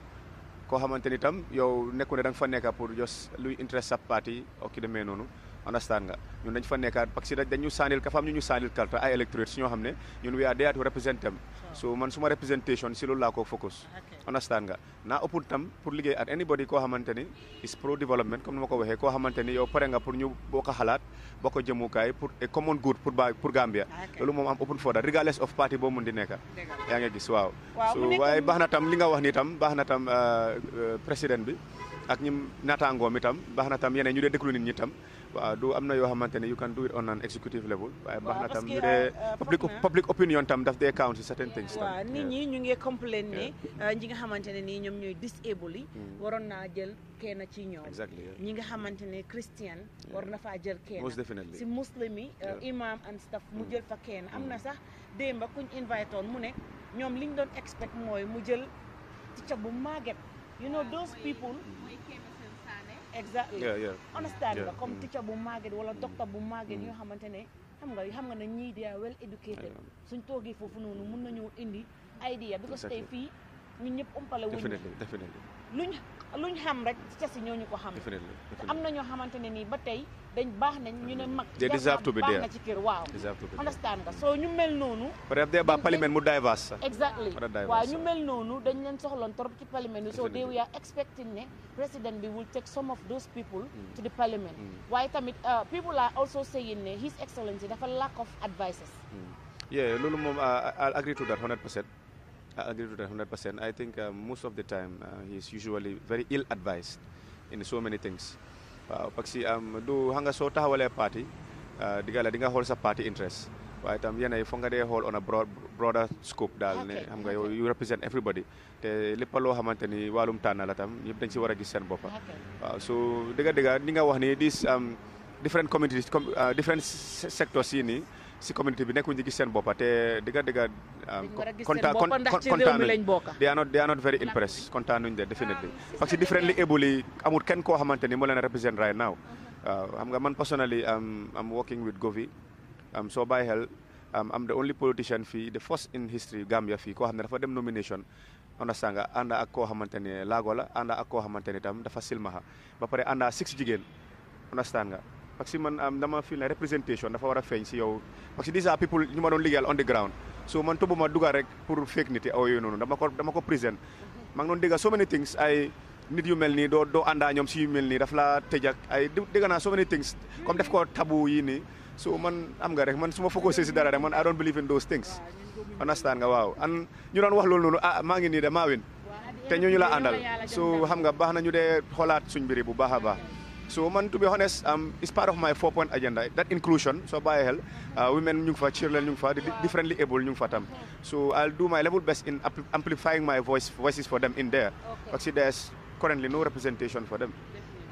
koo xamante ni tam yow nekku ne da fa nekka pour jos luy interest sa parti okki demee noonu understand nga ñun dañ fa nekka parce que dañu saanil ka faam ñu ñu saanil kalta ay electorate si ñoo xam ne ñun we are there to represent man suma representation si loolu laa ko focus understand nga naa ëppul tam pour liggéey at anybody ko waxee koo xamante ni yow pare nga pour ñu bokk xalaat bokk jëmukaay pour a common pour ba pour am open for that regardless yaa ngi waaw so waaye baax na tam li nga wax ni baax na tam euh, euh, président bi ak ñi naataangoom itam baax na tam yeneen ñu dee déglu nit ñi tam waaw du am na yoo xamante ne you can do it on an executive level. waaye baax na tam ñu dee euh, public opinion tam daf dee count si certain things. tam waaw ñu ngi complain ne euh, ñi nga xamante ne nii ñoom ñooy disable yi. Mm. waroon naa jël kenn ci ñoom. ñi nga xamante ne christian war na faa jël kenn. most definitely si muslim yi euh, imam and staff mu mm. jël fa kenn am na mm. sax démb kuñ invité woon mu ne ñoom liñ doon expect mooy mu jël ci ca bu màgget you know ah, those people. exactly understand la comme mm. teacher bu màgget wala mm. docteur bu màgget ñoo mm. xamante ne xam nga xam nga nañ ñii they are well educated suñ toogee foofu noonu mun nañoo indi idea because tey fii ñun ñëpp umpale wuñ luñ luñ xam rek ca si ñu ko xam am na ñoo xamante ne nii ba tey dañ baax nañ ñu ne mag. they deserve to be there na ci kër waaw. understand nga soo ñu mel noonu. peut-être day baax parlement mu diverse exactly waaw ñu mel noonu dañ leen soxloon trop ci parlement bi so they we are expecting will take some of those people mm. to the parliament. Mm. waaye tamit uh, people are also saying ne his excellency dafa lack of advices. Mm. loolu moom uh, I agree to that 100% I agree to that 100% I think uh, most of the time he is usually very ill advised in so many things. waaw ah, parce que am du xam nga soo taxawalee parti ah, digga la di nga xool sa parti interest waaye itam yéen ay foog nga dee xool on a broad broader scope daal ne xam nga yow you represent everybody te lépp loo xamante ni wàllum tànn la tam ñëpp dañ si war a gis seen boppa waaw ah, so dëgga dëgga ni nga wax ni dis different communities different sectors yi nii si community bi nekkuñu gis seen boppa te dëgg dëgg content content they are not they are not very impressed content nuñ de definitely ah, parce que differently able amul kenn ko xamanteni mo leen represent right now uh-huh. ah, xam nga man personally um, I'm working with Govi um, so by hell um, I'm the only politician fi the first in history Gambia fi ko xamne dafa dem nomination understand sanga anda ak ko xamanteni lagola anda ak ko xamanteni tam dafa silmaha ba pare anda six jigéen understand nga parce que man um, dama fi la representation dafa wara a ci yow parce que déjà people ñu ma doon liggéeyal on the ground so man tubuma dugal rek pour fake nit aw oh, yoy nonu dama ko dama ko present. maa ngi doon so many things ay nit yu mel do Do, anda ñom ci yu mel nii daf laa I ak ay dégg na so many things comme def ko tabu yi ni so man am nga rek man suma focusé ci dara rek man I don't believe in those things understand nga waaw an ñu doon wax loolu nonu ah ma ngi ni de ma win te ñu la andal so xam nga baax na ñu dé xolaat suñu mbiri bu baaxa baax so man to be honest um, it's part of my four point agenda that inclusion so by hell, uh, women ñu for children ñu for differently able ñu for them. tam so I'll do my level best in amplifying my voice voices for them in there But see, there's currently no representation for them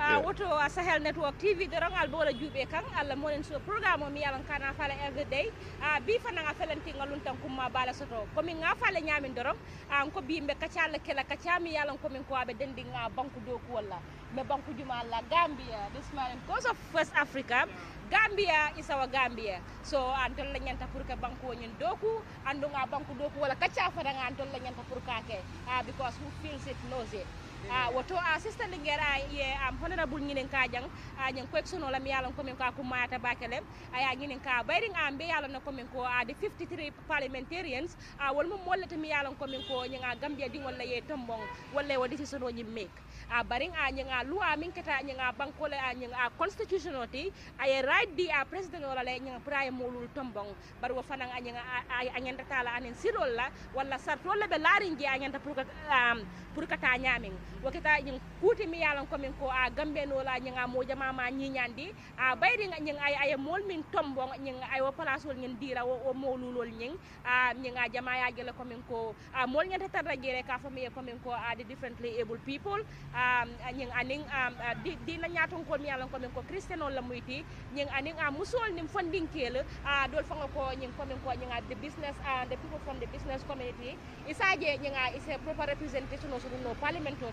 Ah, woto sahel network tv doron albola juuɓe kan allah monen so programme o mi yawan kana fala erde dey ah, bi fananga felantingal lun tan kuma bala soto komin nga fala ñamin doron an ah, ko biyimɓe kacca allah kela kacca mi yalan komin ko waɓe dendi nga banque doku walla mais banku juma gambia this man cause of west africa gambia is our gambia so an tolla ñanta pour que banque woñin doku anduga banque doku walla kacca fananga an tolla ñanta pour kake because who feels it knows it uh, woto ah, a uh, ye am um, honorable nginen ka jang a uh, nyen ko eksono lam yalon ko min ka ko mata aya ah, nginen ka bayring am be yalon ko min ko a de 53 parliamentarians a uh, wol mo mollata mi yalon ko min ko nyanga gambia dingol la ye tombong walla wadi sisono nyi make a baring a lu a min kata nyanga kole a a ti a ye right di a president wala le pray praye mulul tombong baru wo fanan a nyeng a a nyanda tala nyeng silol la wala sartol be gi a nyanda a purka ta nyamin wo kata nyeng kuti mi yalan ko min ko a gambe no la a mo jama ma nyandi a baring a nyeng ay ay mol min tombong a ay wo palasol nyen dira wo mululol nyeng a a jama ya gele ko min ko a mol a tarra gere ka fami ko min ko a differently able people um, uh, ñing aning um, uh, di, di na ñatong ko mi yalan ko men um, uh, ko kristeno la muyti ñing aning a uh, musol nim funding kel a dol fanga ko ñing ko men ko ñing the business and uh, the people from the business community isaje ñing is a proper representation also no parliament to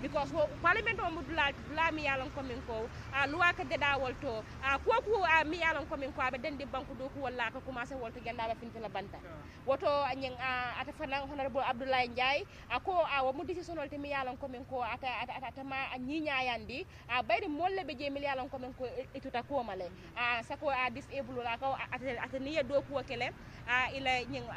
because wo parliament o mudula dula mi yalan ko men ko a luwa ka de dawol to a ko ko mi yalan ko men ko be den banku do ko walla ka commencer wolto ganda la fintela banta woto ñing a ata fana honorable abdoulaye njay ako a wo mudisi sonol te ko men ko ata tama ñiñayandi a bayri molle ɓe jeemili yalan komin ko ituta e koomale a sako a disable la ko ata niya do kuwa kele a ila ñing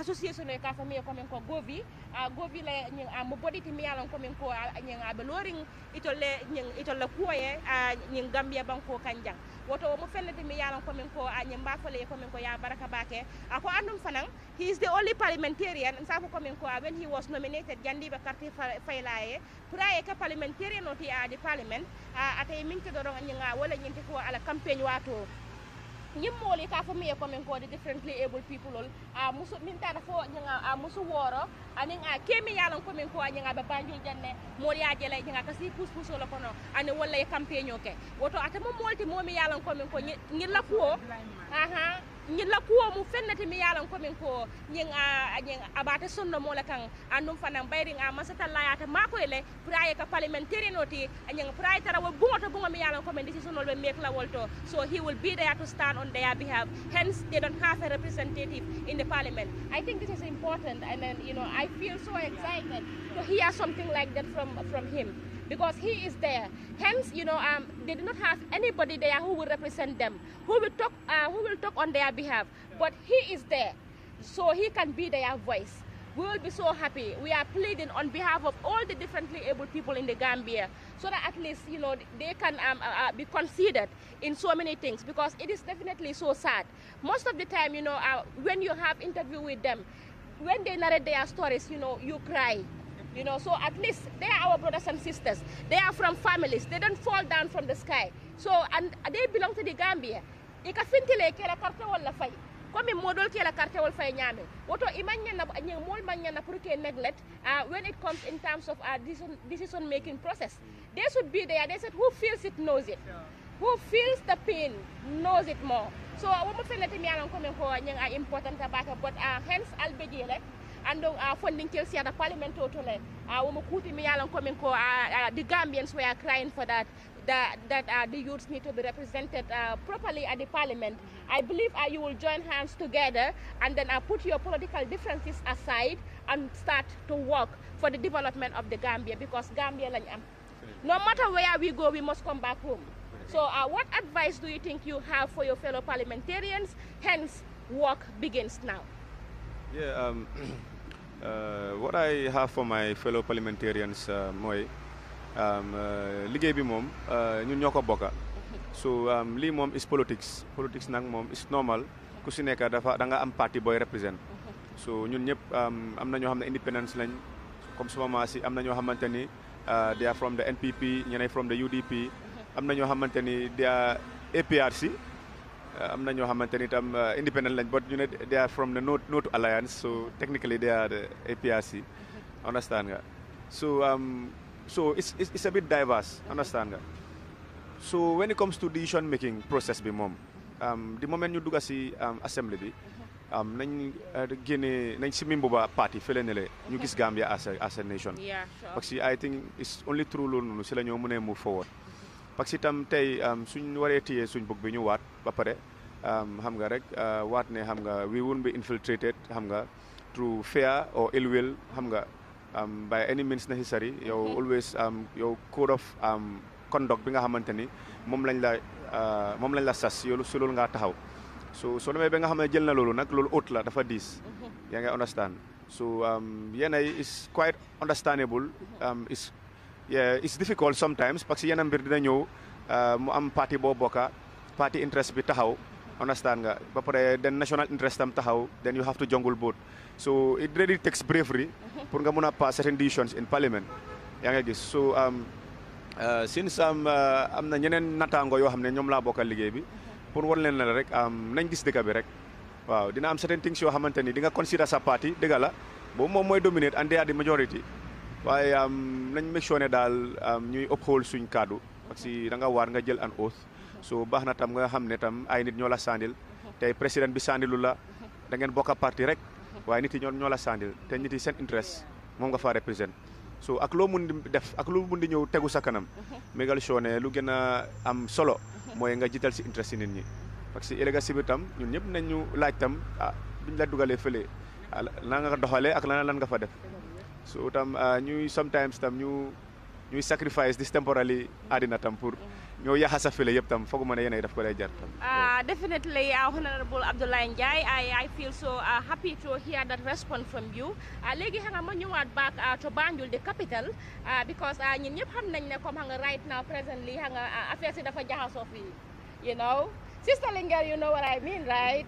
association e ka famille komin ko govi a govi la ñing mo boditi mi yalan komin ko ñing aɓe lorin itolle ñing itolle kuwoye ñing gambia banko kanjang woto mo mi ko ko ya baraka bake ako andum fanan he is the only parliamentarian sako komin ko when he was nominated jandiɓe carte fayla e pour a e ka parliamentarian o the a di parliament ata e minke ɗo ɗon ñinga wala ñinti ko ala campagne wato yimmoolu ka fo mi e komin koode differently able peopleol a ah, musu min tata fo ñinga a ah, musu wooro anin ah, a kemi yalan komin ko a ñinga ɓe banjul janne mool yajela ñinga kasi pus pusolo kono ani walla e campagne o ke woto ata mo molti momi yalan komin ko ñilla kuwo aha ñin la kuwo mu fennati mi yalan komin ko ñin a ñin abate sonno mo la kan andum fanan bayri a masata layata makoy le praye ka parliamentarian noti ñin praye tara wo bungo to bungo mi yalan komin decision be make la wolto so he will be there to stand on their behalf hence they don't have a representative in the parliament i think this is important and then you know i feel so excited to hear something like that from from him because he is there. Hence, you know, um, they do not have anybody there who will represent them, who will talk, uh, who will talk on their behalf. But he is there, so he can be their voice. We will be so happy. We are pleading on behalf of all the differently abled people in the Gambia, so that at least you know they can um, uh, uh be considered in so many things. Because it is definitely so sad. Most of the time, you know, uh, when you have interview with them, when they narrate their stories, you know, you cry. You know, so at least they are our brothers and sisters. They are from families. They don't fall down from the sky. So, and they belong to the Gambia. Ika fintile kela karte wala fay. Komi modol kela karte wala fay nyame. Woto imanya na nye mol manya na puruke neglect uh, when it comes in terms of our uh, decision, decision making process. They should be there. They said who feels it knows it. Who feels the pain knows it more. So, womo fenete mi alang kome ko nyang important tabaka but uh, hence albedi like, and the uh, uh, funding kills here the parliament totally. Uh, we could be alan coming ko uh, the Gambians were crying for that. That, that uh, the youths need to be represented uh, properly at the parliament. I believe uh, you will join hands together and then uh, put your political differences aside and start to work for the development of the Gambia because Gambia, no matter where we go, we must come back home. So uh, what advice do you think you have for your fellow parliamentarians? Hence, work begins now. Yeah, um, Uh, what I have for my fellow parliamentarians euh, mooy um, euh, liggéey bi moom euh, ñun ñoo ko bokka so um, lii moom is politics politics nag moom is normal ku si nekk dafa da nga am parti booy represent so ñun ñëpp am um, am na ñoo xam ne independence lañ comme suma maa si uh, am na ñoo xamante ni they are from the NPP ñeneen from the UDP am na ñoo xamante ni they are APRC Uh, am na ñoo xamante I'm uh, independent lañ but ñu ne they are from the North Alliance so technically they are the APRC understand nga so um, so it's, it's, it's a bit diverse understand nga so when it comes to decision making process bi moom the um, moment ñu dugga si um, assembly bi um, nañ uh, génne nañ si mimbu ba parti fële ne le ñu gis Gambia as a as a nation parce que I think it's only through loolu noonu si move forward parce que itam tey um, suñ waree téyee suñ book bi ñu waat ba pare um, xam nga rek uh, waat ne xam nga we won't be infiltrated xam nga through fear or ill will xam nga um, by any means necessary yow mm-hmm. always yow code of conduct bi nga xamante ni moom lañ la uh, moom lañ la sas yow si loolu ngaa taxaw so soo demee ba nga xam ne jël na loolu nag loolu óot la dafa diis mm-hmm. yaa ngi understand so yenn yi is quite understandable mm-hmm. yeah, it's difficult sometimes parce que yenn bir dina ñëw uh, mu am parti bo boka parti interest bi taxaw understand nga ba pare den national interest tam taxaw then you have to jungle both so it really takes bravery pour nga napa certain decisions in parliament yang nga gis gitu. so um, uh, since am um, am na ñeneen natango yo xamne ñom la bokal liggey bi pour leen rek am um, nañ gis dëkk bi rek waaw dina am certain things yo xamanteni ni di nga consider sa parti dëgg bo mom moy dominate and they are the majority waaye um, nañ make sure daal daal um, ñuy uphold suñ kàddu parce que da nga waar nga jël an oath so baax na tam nga xam ne tam ay nit ñoo la sandil tey président bi sandilu la da ngeen bokk a parti rek waaye nit yi ñoo ñoo la sandil te nit yi seen interest moom nga faa represent so ak loo mun di def ak loo mun di ñëw tegu sa kanam mégal sure lu gën a am solo mooy nga jiital si interest si nit ñi parce que ëllëg si biir tam ñun ñëpp nañu laaj tam ah biñ la dugalee fële ah, la nga doxalee ak lan lan nga fa def so tam uh, ñuy sometimes tam ñu ñuy sacrifice this temporarily àddina tam pour ñoo yaxa sa file yëpp tam fooguma ne yéen daf ko lay jar tam. Ah, definitely uh, honorable Abdoulaye Njie I I feel so uh, happy to hear that response from you ah, léegi xam nga ma ñëwaat back to Banjul the capital because ñun ñëpp xam nañ ne comme xam right now presently xam nga affaire dafa jaxasoo fii you know. Sister Linguère you know what I mean right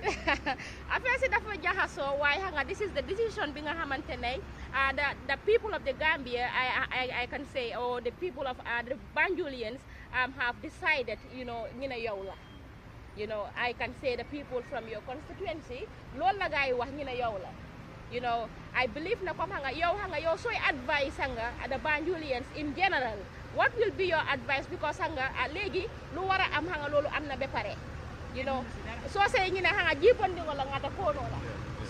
affaire si dafa jaxasoo waaye xam this is the decision bi nga xamante uh, the, the people of the Gambia, I, I, I can say, or the people of uh, the Banjulians um, have decided, you know, Nina You know, I can say the people from your constituency, Lola Gai wa Nina You know, I believe na kom hanga yo hanga yo soy advice hanga the Banjulians in general. What will be your advice because hanga uh, ah, legi lu wara am hanga lolu amna be pare. You know, so say ngina hanga jipon dingo la ngata kono la.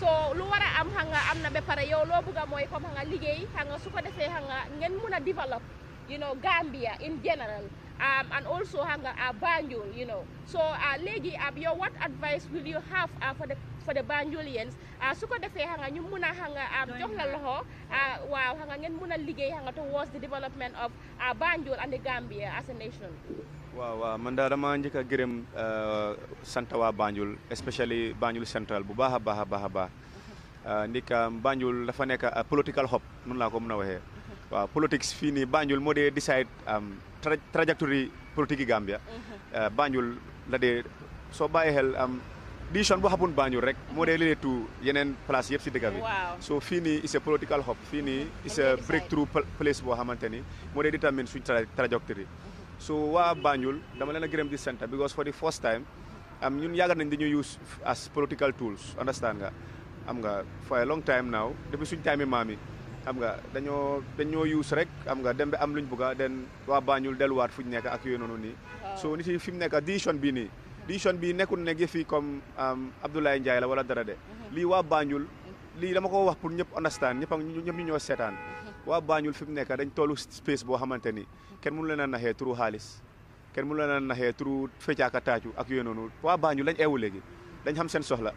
soo lu war a am xam am na ba pare yow loo bëgg a mooy comme xam liggéey xam nga su ko defee xam nga ngeen mun a develop you know Gambia in general um, and also xam nga uh, Banjul you know so uh, léegi um, yow what advice will you have uh, fo the for the Banjulians su ko defee xam nga ñu mun a xam nga um, jox la loxo waaw xam nga mun a liggéey xam nga towards the development of Banjul and the Gambia as a nation. waaw waaw man daal dama njëkk a gërëm uh, sant waa Banjul especially Banjul central bu baax a baax a baax a baax uh, ndika Banjul dafa nekk political hub noonu laa ko mën a waxee waaw politics fii nii Banjul moo dee decide um, trajectory politique yi Gambia uh, Banjul la dee soo bàyyi xel am um, décision bu xamoon Banjul rek moo dee léegi tu yeneen place yëpp si dëkk bi so fii nii is a political hub fii nii is a breakthrough place boo xamante ni moo dee determine suñ trajectory so waa Banjul dama leen a gërëm di centre because for the first time am ñun yàgg nañ ñu use as political tools understand nga am nga for a long time now depuis suñ time maam yi xam nga dañoo dañoo use rek am nga dem ba am luñ bugga den waa Banjul delluwaat fuñ nekk ak yooyu noonu nii so nit yi fi mu nekk décision bii nii décision bii nekkul ne yëf yi comme Abdoulaye Ndiaye la wala dara de mhm. lii waa Banjul mhm. lii dama ko wax pour ñëpp understand ñëpp ak ñëpp ñu ñoo seetaan mhm. waa Banjul fi mu nekk dañ tollu space boo xamante ni kenn mënu leen a naxee turu xaalis kenn mun leen a naxee turu feccaaka taaju ak yooyu noonu waa Banjul dañ eewu léegi dañ xam seen soxla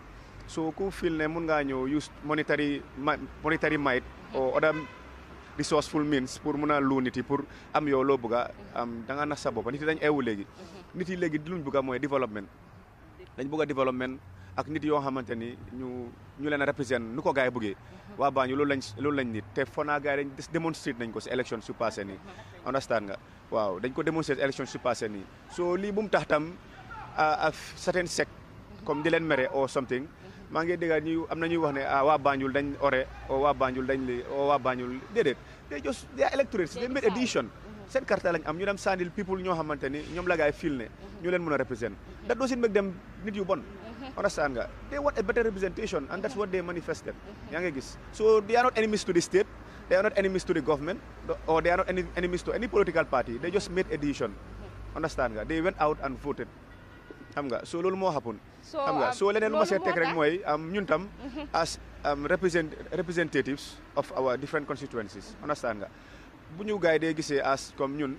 so ku fil ne mun ngaa ñëw use monetary monetary might or other resourceful means pour mun a lu pour am yow loo bëgga am da nga nax sa bopp nit dañ eewu léegi mhm. nit yi léegi du luñ bëgga mooy développement dañ bëgg a ak nit yoo xamante ni ñu ñu leen a représenter nu ko gars yi bëggee mhm. waa Banjul loolu lañ loolu lañ nit te foo naa gars yi dañ démonstrate nañ ko si élection su passé nii mhm. understand nga waaw dañ ko démonstrate élection su passé soo lii bu mu tax tam a certain sect mhm. comme di leen mere or something maa ngi dégg ñu am na ñuy wax ne ah waa Banjul dañ ore o oh, waa Banjul dañ li o oh, waa Banjul déedéet they just they are electorates they made a decision seen lañ am ñu dem sandil people ñoo xamante ni ñoom la gars yi feel leen mën a représenter that doesn't make them nit yu bon Understand nga? They want a better representation and that's what they manifested. Mm-hmm. Yang nga So they are not enemies to the state, they are not enemies to the government or they are not any, enemies to any political party. They just made a decision. Mm-hmm. Understand nga? They went out and voted. Xam nga? So loolu mo happen. So xam nga? Um, so leneen lu ma see teg rek um, tam mm-hmm. as um, represent, representatives of our different constituencies. Understand nga? Bu ñu gaay as comme ñun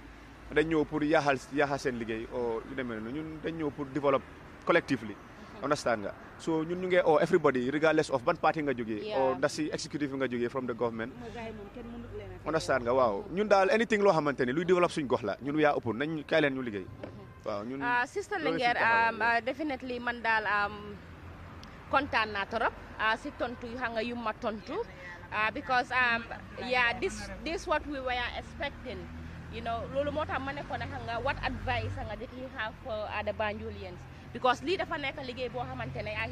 dañ ñëw pour ya yaaxal seen liggéey o yu demee noonu ñun develop collectively understand nga so ñun ñu ngi oh everybody regardless of ban party nga juga, or ndax executive nga juga from the government understand nga waaw ñun daal anything lo xamanteni luy develop suñ gox la ñun ya ëpp nañ kay leen ñu liggéey waaw ñun ah, sister Linguère um, ah, definitely man daal um, kontaan siton torop ah, si tontu yu nga yu ma tontu because um, yeah this this what we were expecting you know lolu moo mané ko na nga what advice nga did you have for the Banjulians because leader dafa nekk liggéey boo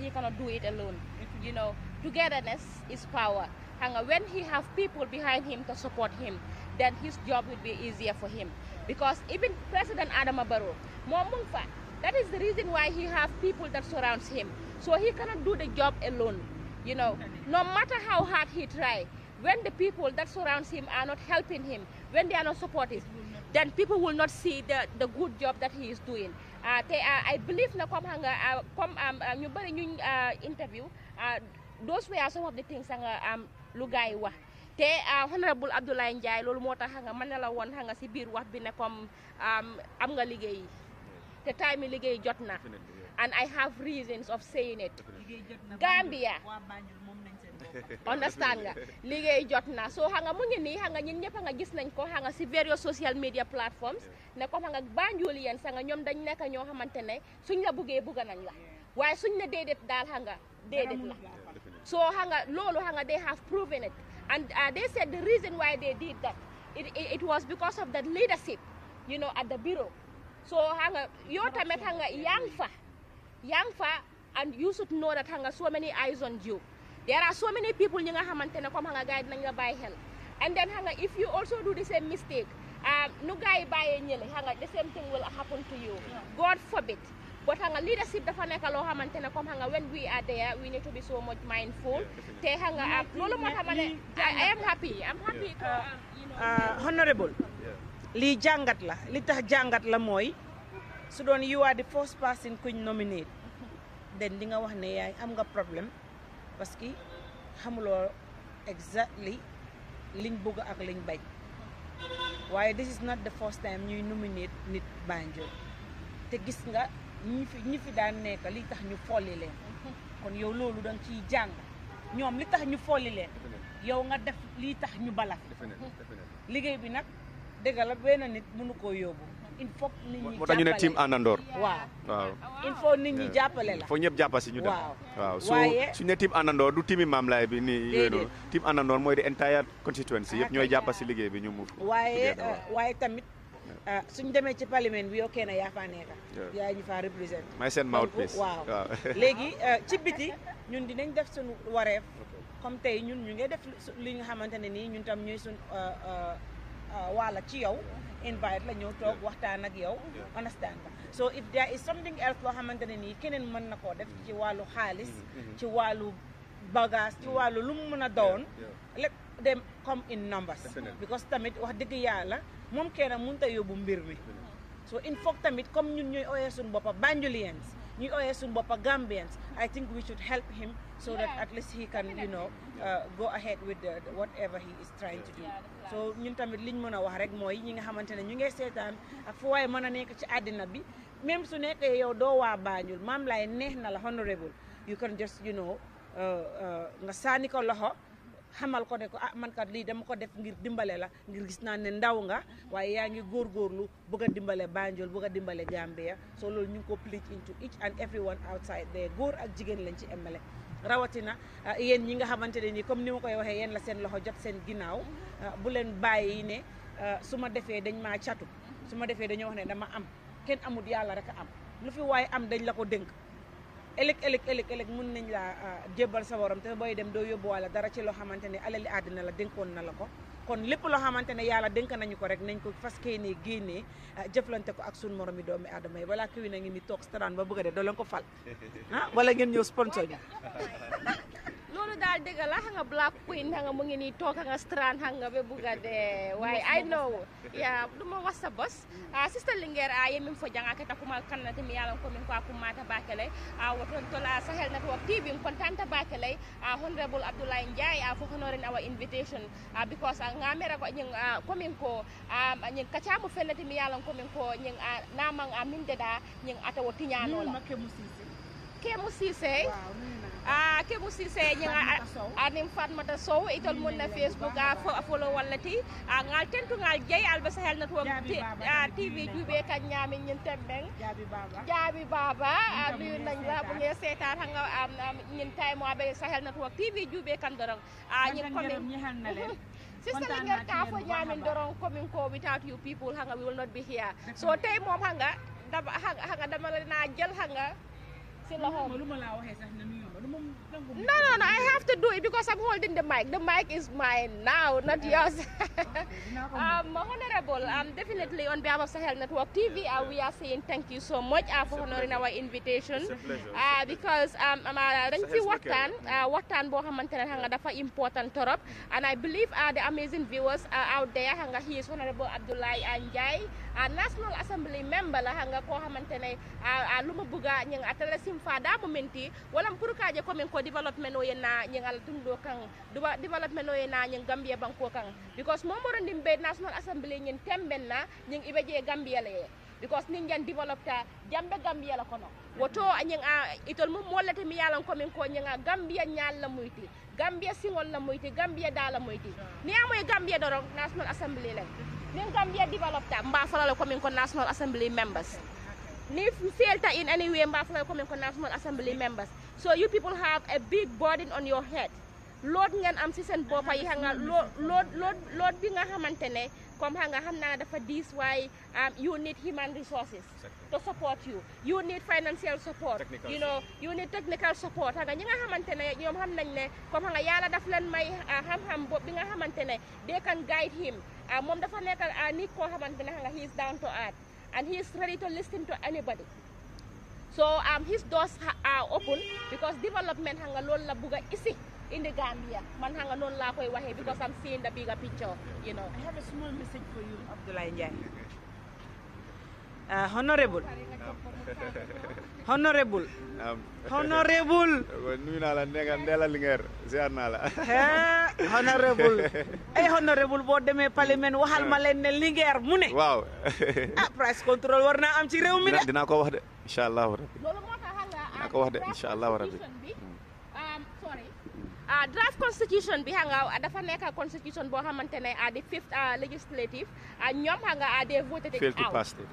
he cannot do it alone you know togetherness is power and when he have people behind him to support him then his job will be easier for him because even President Adama Barrow moom that is the reason why he have people that surrounds him so he cannot do the job alone you know no matter how hard he try when the people that surrounds him are not helping him when they are not supportive then people will not see the the good job that he is doing uh, te uh, I believe na kom hanga uh, kom comme um, ñu bëri ñu interview those were some of the things nga am um, lu gars yi wax honorable Abdoulaye Ndiaye loolu moo hanga nga mën na si biir wax bi ne comme um, am nga liggéey te time yi jotna, and I have reasons of saying it Gambia understand nga liggéey jot na so xam nga mu ngi nii xam nga ñun ñëpp nga gis nañ ko xam nga si various social media platforms ne ko xam nga banjul yéen sa nga ñoom dañ nekk ñoo xamante ne suñ la buggee bugga nañ la waaye suñ ne déedéet daal xam nga déedéet la so xam nga loolu xam nga they have proven it and uh, they said the reason why they did that it, it was because of that leadership you know at the bureau so xam nga yow tamit xam nga yaa ngi fa yaa ngi fa and you should know that xam nga so many eyes on you there are so many people ñi nga xamante ne comme nga gars yi dinañ la bàyyi xel and then xam nga if you also do the same mistake um, nu gars yi bàyyee ñële xam nga the same thing will happen to you God forbid but xam nga leadership dafa nekk loo xamante ne comme xam nga when we are there we need to be so much mindful te xam nga am um, loolu moo ma am happy I am happy um, uh, uh, honorable lii jàngat la li tax jàngat la mooy su doon you are the first person di nga wax ne yaay am nga problème parce que xamuloo exactly liñ bëgg ak liñ bañ waaye this is not the first time ñuy nominate nit Banjul te gis nga ñi fi ñi fi daan nekk li tax ñu folli leen kon yow loolu danga ciy jàng ñoom li tax ñu folli leen yow nga def lii tax ñu bala liggéey bi nag dëgg la benn nit mënu koo yóbbu in faut nit ñu ne tiim àndandoor. waaw waaw. il faut nit jàppale la. il ñëpp jàppa si ñu su su ne team àndandoor du team maam laay bi ni yooyu noonu. team àndandoor mooy de entire constituency yëpp ah, ñooy jàppa si liggéey bi ñu mu. waaye euh, waaye tamit. Euh, suñ demee ci parlement bi yow kenn yaa faa nekk. yaa ñu faa représenté. may seen mouthpiece waaw léegi euh, ci biti ñun dinañ def suñu wareef. comme tey ñun ñu ngi def li nga xamante ne nii ñun tam ñooy suñ Euh, waalo ci yow invite la ñëw toog waxtaan ak yow understand ba so if there is something else loo xamante ne nii keneen mën na koo def ci wàllu xaalis mm-hmm, mm-hmm. ci wàllu bagage ci mm-hmm. wàllu lu mu mën a doon let them come in numbers because tamit wax dëgg yàlla moom kenn mënut a yóbbu mbir mi so in foog tamit comme ñun ñooy oyee suñu boppa banjuliens ñuy ooyee suñ boppa Gambians I think we should help him so that at least he can you know uh, go ahead with whatever he is trying to do so ñun tamit liñ mën a wax rek mooy ñi nga xamante ne ñu ngi seetaan ak fu waaye mën a nekk ci àddina bi même su nekkee yow doo waa Banjul maam laay neex na la honorable you can just you know uh, uh, nga saani ko loxo xamal ko ne ko ah man kat lii dama ko def ngir dimbale la ngir gis naa ne ndaw nga waaye yaa ngi góorgóorlu bëgg a dimbale Banjul bëgg a dimbale Gambia so loolu ñu ngi ko pledge into each and everyone outside there góor ak jigéen lañ ci emale rawatina ah, yéen ñi nga xamante ne nii comme ni ma koy waxee yéen la seen loxo jot seen ginnaaw ah, bu leen bàyyi ne ah, su ma defee dañ maa catu su ma defee dañoo wax ne dama am kenn amut yàlla rek a am lu fi waaye am dañ la ko dénk ëllëg ëllëg ëllëg ëllëg mun nañ laa ah, jébbal sa borom te booy dem doo yóbbuwaale dara ci loo xamante ne alali àddina la dénkoon na la ko kon lépp loo xamante ne yàlla dénk nañu ko rek nañ ko fas yéenee génnee ah, jëflante ko ak suñu morom yi doomi aadama yi balaa kii ngi mi toog si ba bëgg a dee doo leen ko fal ah wala ngeen ñëw sponsor bi lu dal dëgga la nga black queen xam nga mu ngi nii toog nga strand xam nga ba bugg a I know ya du mau wax bos a ah, sister linger a ah, ye min fo janga ah, keta kuma kanna temi yalan ko min ko akum mata bakele a woton tola sahel network tv kontanta bakele a honorable abdoulaye ndiaye a fo honoring our invitation a because a ngamera ko nyin ko min ko a yang kacha mo nanti mialang yalan ko min ko nyin a namang a min deda nyin ata wotinya Kamu la ke musise ke musise wow Ah, keɓu sise ñinga anim ah, ah, fatmata sow itol mun na facebook a folo wallati ngal tentugal jeyi albasa helnat wom tv juuɓe kan ñaami ñin temɓen jaabi baba nuyu nañ la bu nge seetaan hanga ñin taymo aɓe sahel network tv juuɓe kan dorong ñin commin sister Linguère ka fo ñaamin dorong commin ko without you people hanga will not be here so tey moom hanga dama naa jël hanga si loxoom lu ma No, no, no. I have to do it because I'm holding the mic. The mic is mine now, not yours. um, Honorable, I'm um, definitely on behalf of Sahel Network TV, uh, we are saying thank you so much uh, for honoring our invitation. Uh, because um, um uh, dañ fi waxtaan uh, waxtaan boo xamante ne dafa important torop and I believe uh, the amazing viewers uh, out there xam he is Honorable Abdoulaye uh, Ndiaye a National Assembly member la xam nga koo xamante ne lu fada momenti a ñu ko min ko development o yena ngal dum do kan duba development o yena nyen gambia ko kan because mo moron dim be national assembly nyen temben na nyen ibeje gambia le because nin jan developta jambe gambia la kono woto anyen a itol mum mollete mi yalan ko min ko nyen gambia nyaal la muyti gambia singol la muyti gambia la muyti ni amoy gambia dorong national assembly la nin gambia developta mba fala la ko min ko national assembly members ni filter in any way mbafulay coming ko national assembly members so you people have a big burden on your head Lord, ngan am ci seen bopp yi xam Lord, load load load bi nga xamante ne comme xam nga xam naa dafa diis um, you need human resources to support you you need financial support you know you need technical support Hanga nga ñi nga xamante ne ñoom xam nañ ne comme xam nga yàlla daf leen may uh, xam-xam bopp bi nga xamante they can guide him uh, moom dafa nekk uh, nit koo xamante ne xam he is down to earth and he is ready to listen to anybody so um, his doors are open because development hanga loolu la bugg isi in the Gambia man hanga noonu laa koy waxee because I'm seeing the bigger picture you know. I have a small message for you Abdoulaye Njie. Uh, honorable. honorable um, honorable nuyu naa la nee nga Ndella Linguère la honorable ay eh, honorable boo demee parlement waxal ma ah. leen ne Linguère mu ne waaw ah price control war am ci réew mi de dinaa ko wax de incha allahu rabbi uh, dinaa ko wax de incha allahu rabbi ah draft constitution bi xam nga uh, dafa nekk constitution boo xamante ne ah the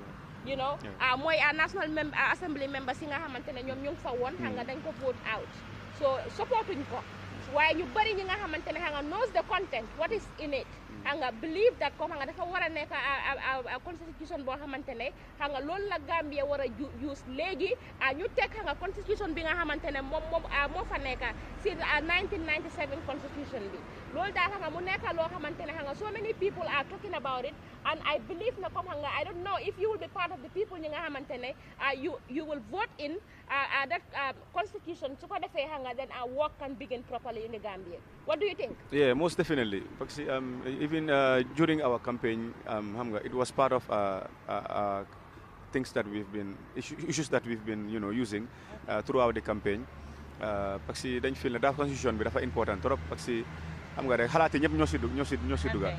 you know ah, mooy a ah, national mem ah, assembly member si nga xamante ne ñoom ñu ngi fa woon xam nga hmm. dañ ko vote out so support ko waaye ñu bëri ñi nga hanga nga knows the content what is in it hanga hmm. nga believe that ko xam nga dafa war a a constitution boo xamante hanga xam nga loolu la Gambia war use legi, a ñu take xam nga constitution bi nga xamante ne moom moom moo fa 1997 constitution bi mu nekk loo xamante ne so many people are talking about it and I believe na comme hanga. I don't know if you will be part of the people ñi nga xamante ne uh, you you will vote in uh, uh, that constitution su ko defee hanga, then our work can begin properly in the Gambia what do you think? yeah most definitely parce um, even during our campaign xam um, it was part of things that we've been issues that we've been you know using throughout the campaign parce que dañ feel na da constitution bi dafa important trop parce que xam nga rek xalaat yi ñëpp ñoo si dugg ñoo si ñoo si dugal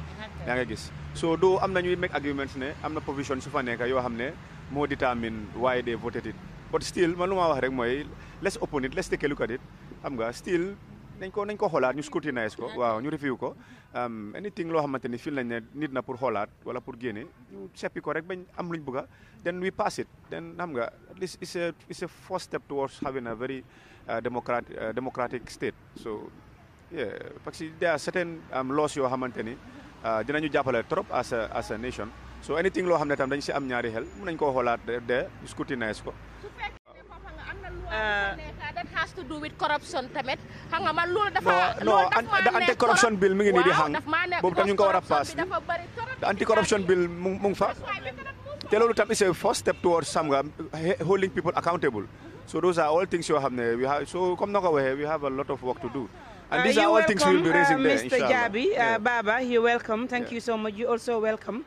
yaa nga gis so do am nañuy make arguments ne am na provision su fa nekk yoo xam ne moo determine why they voted it but still man lu ma wax rek mooy let's open it let's take a look at it xam nga still nañ ko xoolaat ñu scrutinize ko waaw ñu review ko um, anything loo xamante ni fil nañ ne nit na pour xoolaat wala pour génne ñu seppi ko rek ba am luñ bëgga then we pass it then xam nga at least it's a it's a first step towards having a uh, uh, so yeah parce que there are certain um, laws yoo xamante ni uh, dinañu jàppale trop as a as a nation so anything loo xam ne tam dañ si am ñaari xel mun nañ koo xoolaat de scrutinize ko. that has to do with corruption tamit xam nga man loolu dafa loolu dafa the anti corruption bill mi ngi nii di xang boobu tam ñu ngi ko war a paas the anti corruption bill mu fa te loolu tam is a first step towards xam nga holding people accountable so those are all things yoo xam ne so comme na ko waxee we have a lot of work to do And uh, these are all welcome, things we will be raising uh, there, Mr. Jabi uh, Baba you are welcome thank you so much you also welcome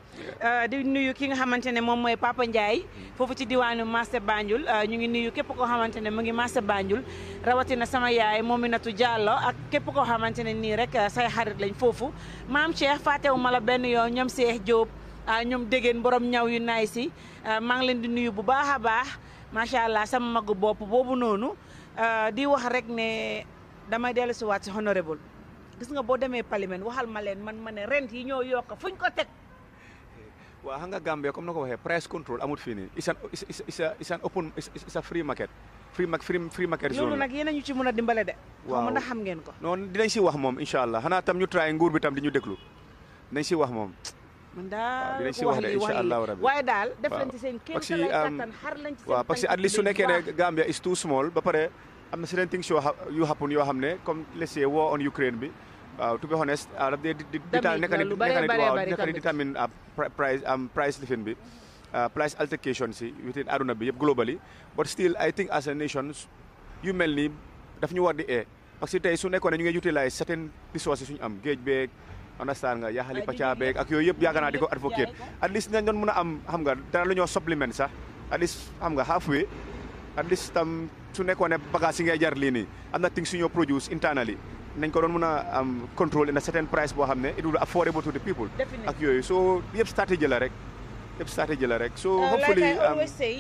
di nuyu ki nga xamante ne moom mooy Papa Ndiaye mm. foofu ci diwaanu Master Banjul ñu ngi nuyu képp koo xamante ne mu ngi Master Banjul rawatina sama yaay Mominatou Diallo ak képp koo xamante ne nii rek say xarit lañ foofu maam Cheikh fàttewu ma la benn yoon ñoom Cheikh Diop borom ñaw yu naay si maa ngi leen di nuyu bu baax a baax macha allah ne damay dellusiwaat si honorable gis nga boo demee parlement waxal ma leen man ma ne rent yi ñoo yokk fuñ ko teg. waaw xam nga Gambia comme na ko waxee price control amut fii nii is an is an open is a free market. free ma free market zone a ñu ci mën a dimbale de. waaw mën a xam ngeen ko. noonu dinañ si wax moom incha allah xanaa tam ñu try nguur bi tam di ñu déglu dinañ si wax moom. man daal dinañ si wax de incha allah waaye daal def leen ci seen. kéem tolluwaay um, kattan xar lañ ci seen. waaw parce que at least su nekkee ne Gambia is too ba pare. am na certain things yu happen yoo xam ne comme let's say war on Ukraine bi waaw to honest daf dee di determine am price lifin bi price altercation si within aduna bi yëpp globally but still I think as a nation yu mel ni daf ñu war di ee parce que tey su nekkoon ne ñu ngi utilise certain resources suñu am géej beeg understand nga yaxali pacca beeg ak yooyu yëpp yaakaar naa di ko advocate at least nañ doon mën a am xam nga dara lu ñoo supplement sax at least at least tam su nekkoon ne bagage yi ngay jar lii nii am na things suñoo produce internally nañ ko doon mën a am na in a certain price boo xam ne it will affordable to the people. ak yooyu so yëpp stratégie la rek yëpp stratégie la rek. so uh, hopefully like I um, always say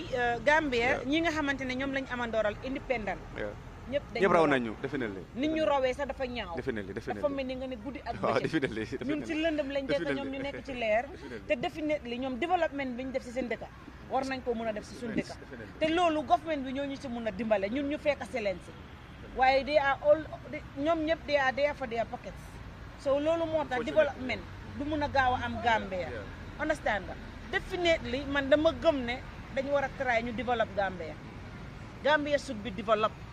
uh, ñi nga xamante ne ñoom lañ amandooral independent. ñep dañu ñep raw nañu definitely nit ñu rawé sa dafa ñaaw definitely definitely dafa melni nga ne guddi ak bëcc definitely ñun ci lëndëm lañu jëk ñom ñu nekk ci lèr té definitely ñom development biñ def ci seen dëkk war nañ ko mëna def ci suñu dëkk té loolu government bi ñoo ñu ci mëna dimbalé ñun ñu fék excellence waye they are all ñom ñep they are there for their pockets so mo tax development du mëna gaaw am gambia understand definitely man dama gëm ne dañ wara try ñu develop gambia gambia should be developed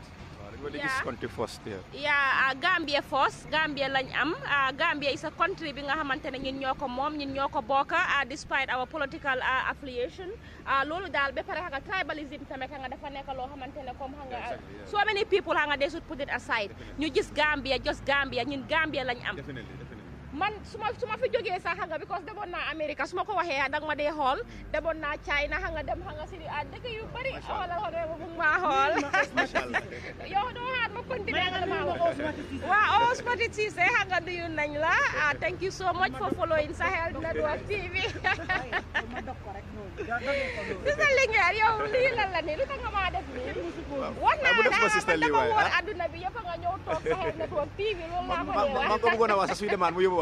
yeah. country first here. Yeah, uh, Gambia lañ am. Uh, Gambia is a country bi nga xamantene ñun ñoko mom, ñun ñoko boka uh, ah, despite our political uh, affiliation. Uh, lolu dal be pare nga tribalism tamé nga dafa nek lo xamantene comme nga so many people nga they should put it aside. Ñu gis Gambia, just Gambia, ñun Gambia lañ am. man suma suma fi jógee sax xam nga because demoon naa America su ma ko waxee dag ma dee xool demoon na China xam nga dem xam nga si ah dëkk yu bëri xoolal mo bu mu maa xool yow doo xaar ma continuer nga ma wax waaw ci Cissé xam nga nuyu nañ la ah, thank you so much for following Sahel Network TV sista Linguère yow lii lan la nii lu tax nga ma def nii wax naa ah, la man dama woon ah. adduna bi yëpp nga ñëw tok Sahel Network TV loolu laa ko ñëwaat ma ko bëgona wax sa suy demaan mu yóbbu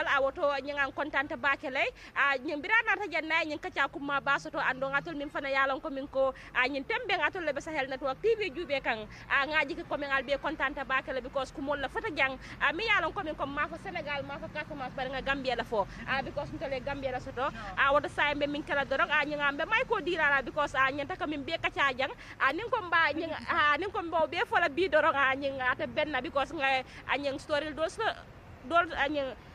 dal a woto ñingan kontante bakelay a ñin biranata jannayi ñin kacca baso basoto ando ngatol min fana yalon ko min ko a ñin tembe ngatol le hel sahel network tv juube kan a ngaji ko min albe kontante le because ko la fata jang a mi yalon ko min ko mafo senegal mafo casamance bare nga gambia la fo a because ntole gambia la soto a woto sayembe min kala dorog a ñingan be may ko dirara because a ñanta ka min be kacca jang a nin ko mba ñin a nin ko mbaw be fola bi dorong a ñin ata benna because nga a ñin story do do a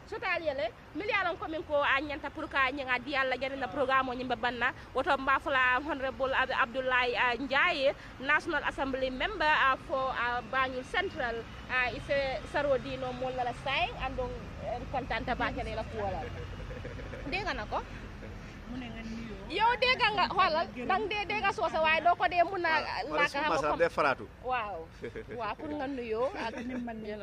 sotali yele mili alon ko min ko anyanta pour ka nyanga di alla jarina programme nyi babanna woto mbafula honorable abdoulaye ndiaye national assembly member for uh, banyu central uh, ife sarodino molala sai andong kontanta ba kene la kuwala denga nako yow dega nga xolal dang de dega sosa way do ko de muna laka xam ko wow, waaw pour nga yo, ak nim man ni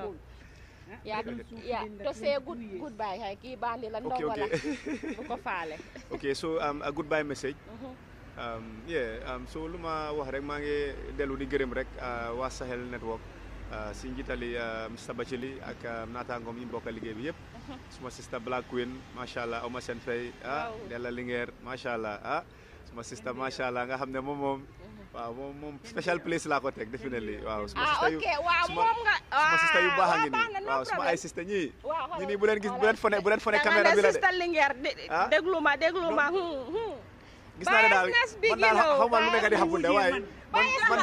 ya yeah to say goodbye hay ki bandi la ndongo okay, okay. ko faale okay so um, a goodbye message mm -hmm. um, yeah um, so luma wax rek ma ngi delu di gërëm rek uh, wa sahel network uh, si njitali uh, Mr. Bachili ak uh, um, natangom yi mbokk liggéey bi yëpp mhm. suma sister Black Queen machallah Oma Sen Fay ah wow. Della Linguère machallah ah suma sister machallah nga xamne mom mom waaw moom moom special place laa ko teg definitely waaw suma ah, sista yu suma a ah, waaw suma ay sista nii bu leen gis fone bu leen fone ah? ma déglu ma hmm, hmm. gis naa ne daal man daal xaw ma lu nekk di xamul de ma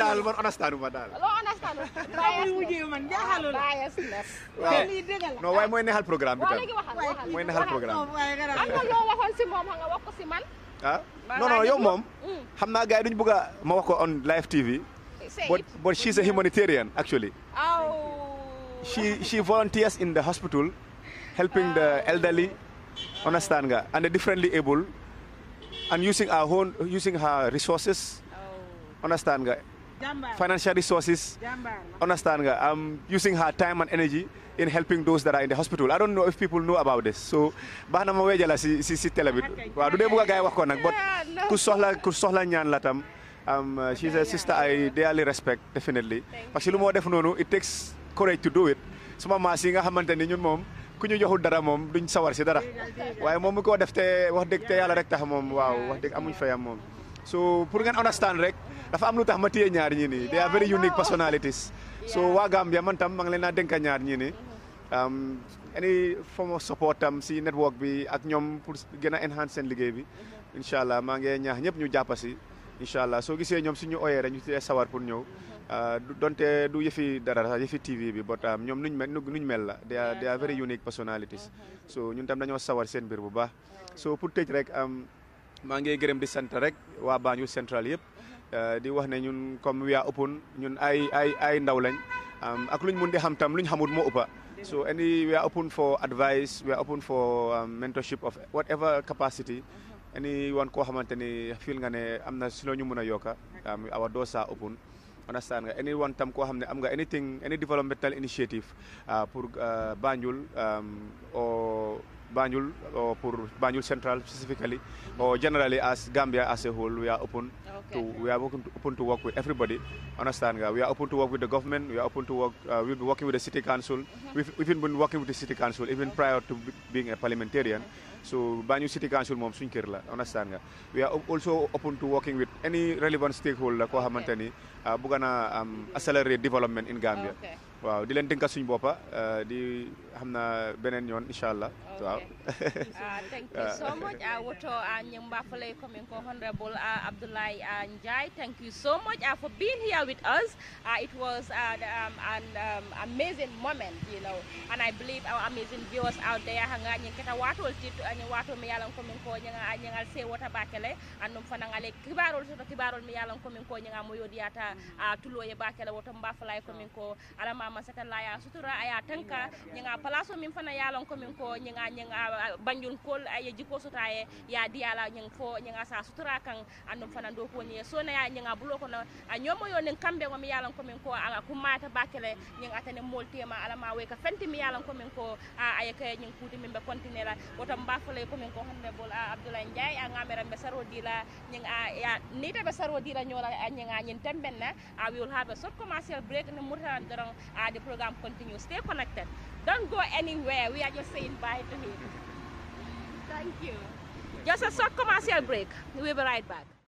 daal waaye mooy neexal programme bi tam mooy neexal programme Ah? No, non non yow mom mm. xam naa gars yi duñ bëgg a ma wax ko on live TV. but but she's a humanitarian actually. she she volunteers in the hospital, helping the elderly, understand nga, and the differently able, and using our own using her resources, understand nga. financial resources. Understand? I'm using her time and energy in helping those that are in the hospital. I don't know if people know about this. So, bah na ma wéjala si si si télé bi. Wa du dé bu wax nak, but ku soxla ku soxla ñaan la tam. Um, uh, she's a sister I dearly respect definitely. Parce que lu mo def nonu, it takes courage to do it. Suma mama yi nga xamanteni ñun mom ku ñu joxul dara moom sawar si dara waaye mom mi ko def te wax dëgg te yàlla rek tax mom waaw wax dëgg amuñ fayam mom so pour ngeen understand rek dafa am lutax ma ñaar ñi ni they are very unique personalities so wa Gambia man tam ma ngi leena naa ñaar ñi mm-hmm. um any form of support tam si network bi ak ñom pour gëna enhance sen liggéey bi mm-hmm. inshallah allah ngi ñaax ñep ñu jappasi si so allah gisee ñom suñu oyee rek ñu sawar pour uh, donte du yefi dara sax yefi TV bi but um, ñom nuñ mel nuñ mel la they are they are very unique personalities so ñun tam dañoo sawar sen bir bu baax so pour tej rek um, ma ngi gërëm di sant rek wa bañu Central yépp Euh, di wax ne ñun comme we are open ñun ay ay ay ndaw lañ um, ak luñ mun di xam tam luñ xamut moo ëppa so any we are open for advice we are open for um, mentorship of whatever capacity any one koo xamante ni fil nga ne am na si loo ñu mën a yokka um, our doors are open understand nga any one tam koo xam ne am nga anything any developmental initiative uh, pour uh, Banjul Banjul or for Banjul Central specifically, or generally as Gambia as a whole, we are open okay. to we are open to, open to work with everybody. Understand? We are open to work with the government. We are open to work. Uh, we will be working with the city council. Mm-hmm. We've, we've been working with the city council even okay. prior to being a parliamentarian. Okay. So Banjul City Council mom suñ kër la. Understand? We are also open to working with any relevant stakeholder ko xamanteni uh, bëgg na um, accelerate development in Gambia. waaw di leen dénkaat suñu boppa euh, di xam benen beneen yoon incha allah. waaw. Ah, thank you so much ah, woto ñembafale ah, coming ko honorable Abdoulaye ndiaye thank you so much for being here with us it was um, an um, amazing moment you know and I believe our amazing viewers out there hanga ñen keta watol tit ñen wato mi yalan ko min ko ñanga ñangal se wota bakele annum fanangale kibarol soto kibarol mi yalan ko min ko ñanga mo yodiyata mm. tuloye bakele woto mbafalay ko min ko alama masaka la ya sutura aya tanka nyinga palaso min fana ya lon ko min ko nyinga nyinga banjun kol ay jiko suta ya diala nying fo nyinga sa sutura kan andum fana do ko ni so na ya nyinga bulo ko na nyomo yo nen kambe ko mi ya lon ko min ko ala kumata bakele nyinga atane moltema ala ma we ka fenti mi ya lon ko min ko ay ka nying kuti min be kontine la wota mbafale ko min ko hande bol abdoulaye ndjay a ngamera be saro dila nyinga ya ni tabe saro dila nyola nyinga nyin tembenna a wiul habe sot commercial break ne murtan dorong the program continues. Stay connected. Don't go anywhere. We are just saying bye to him. Thank you. Just a short commercial break. We'll be right back.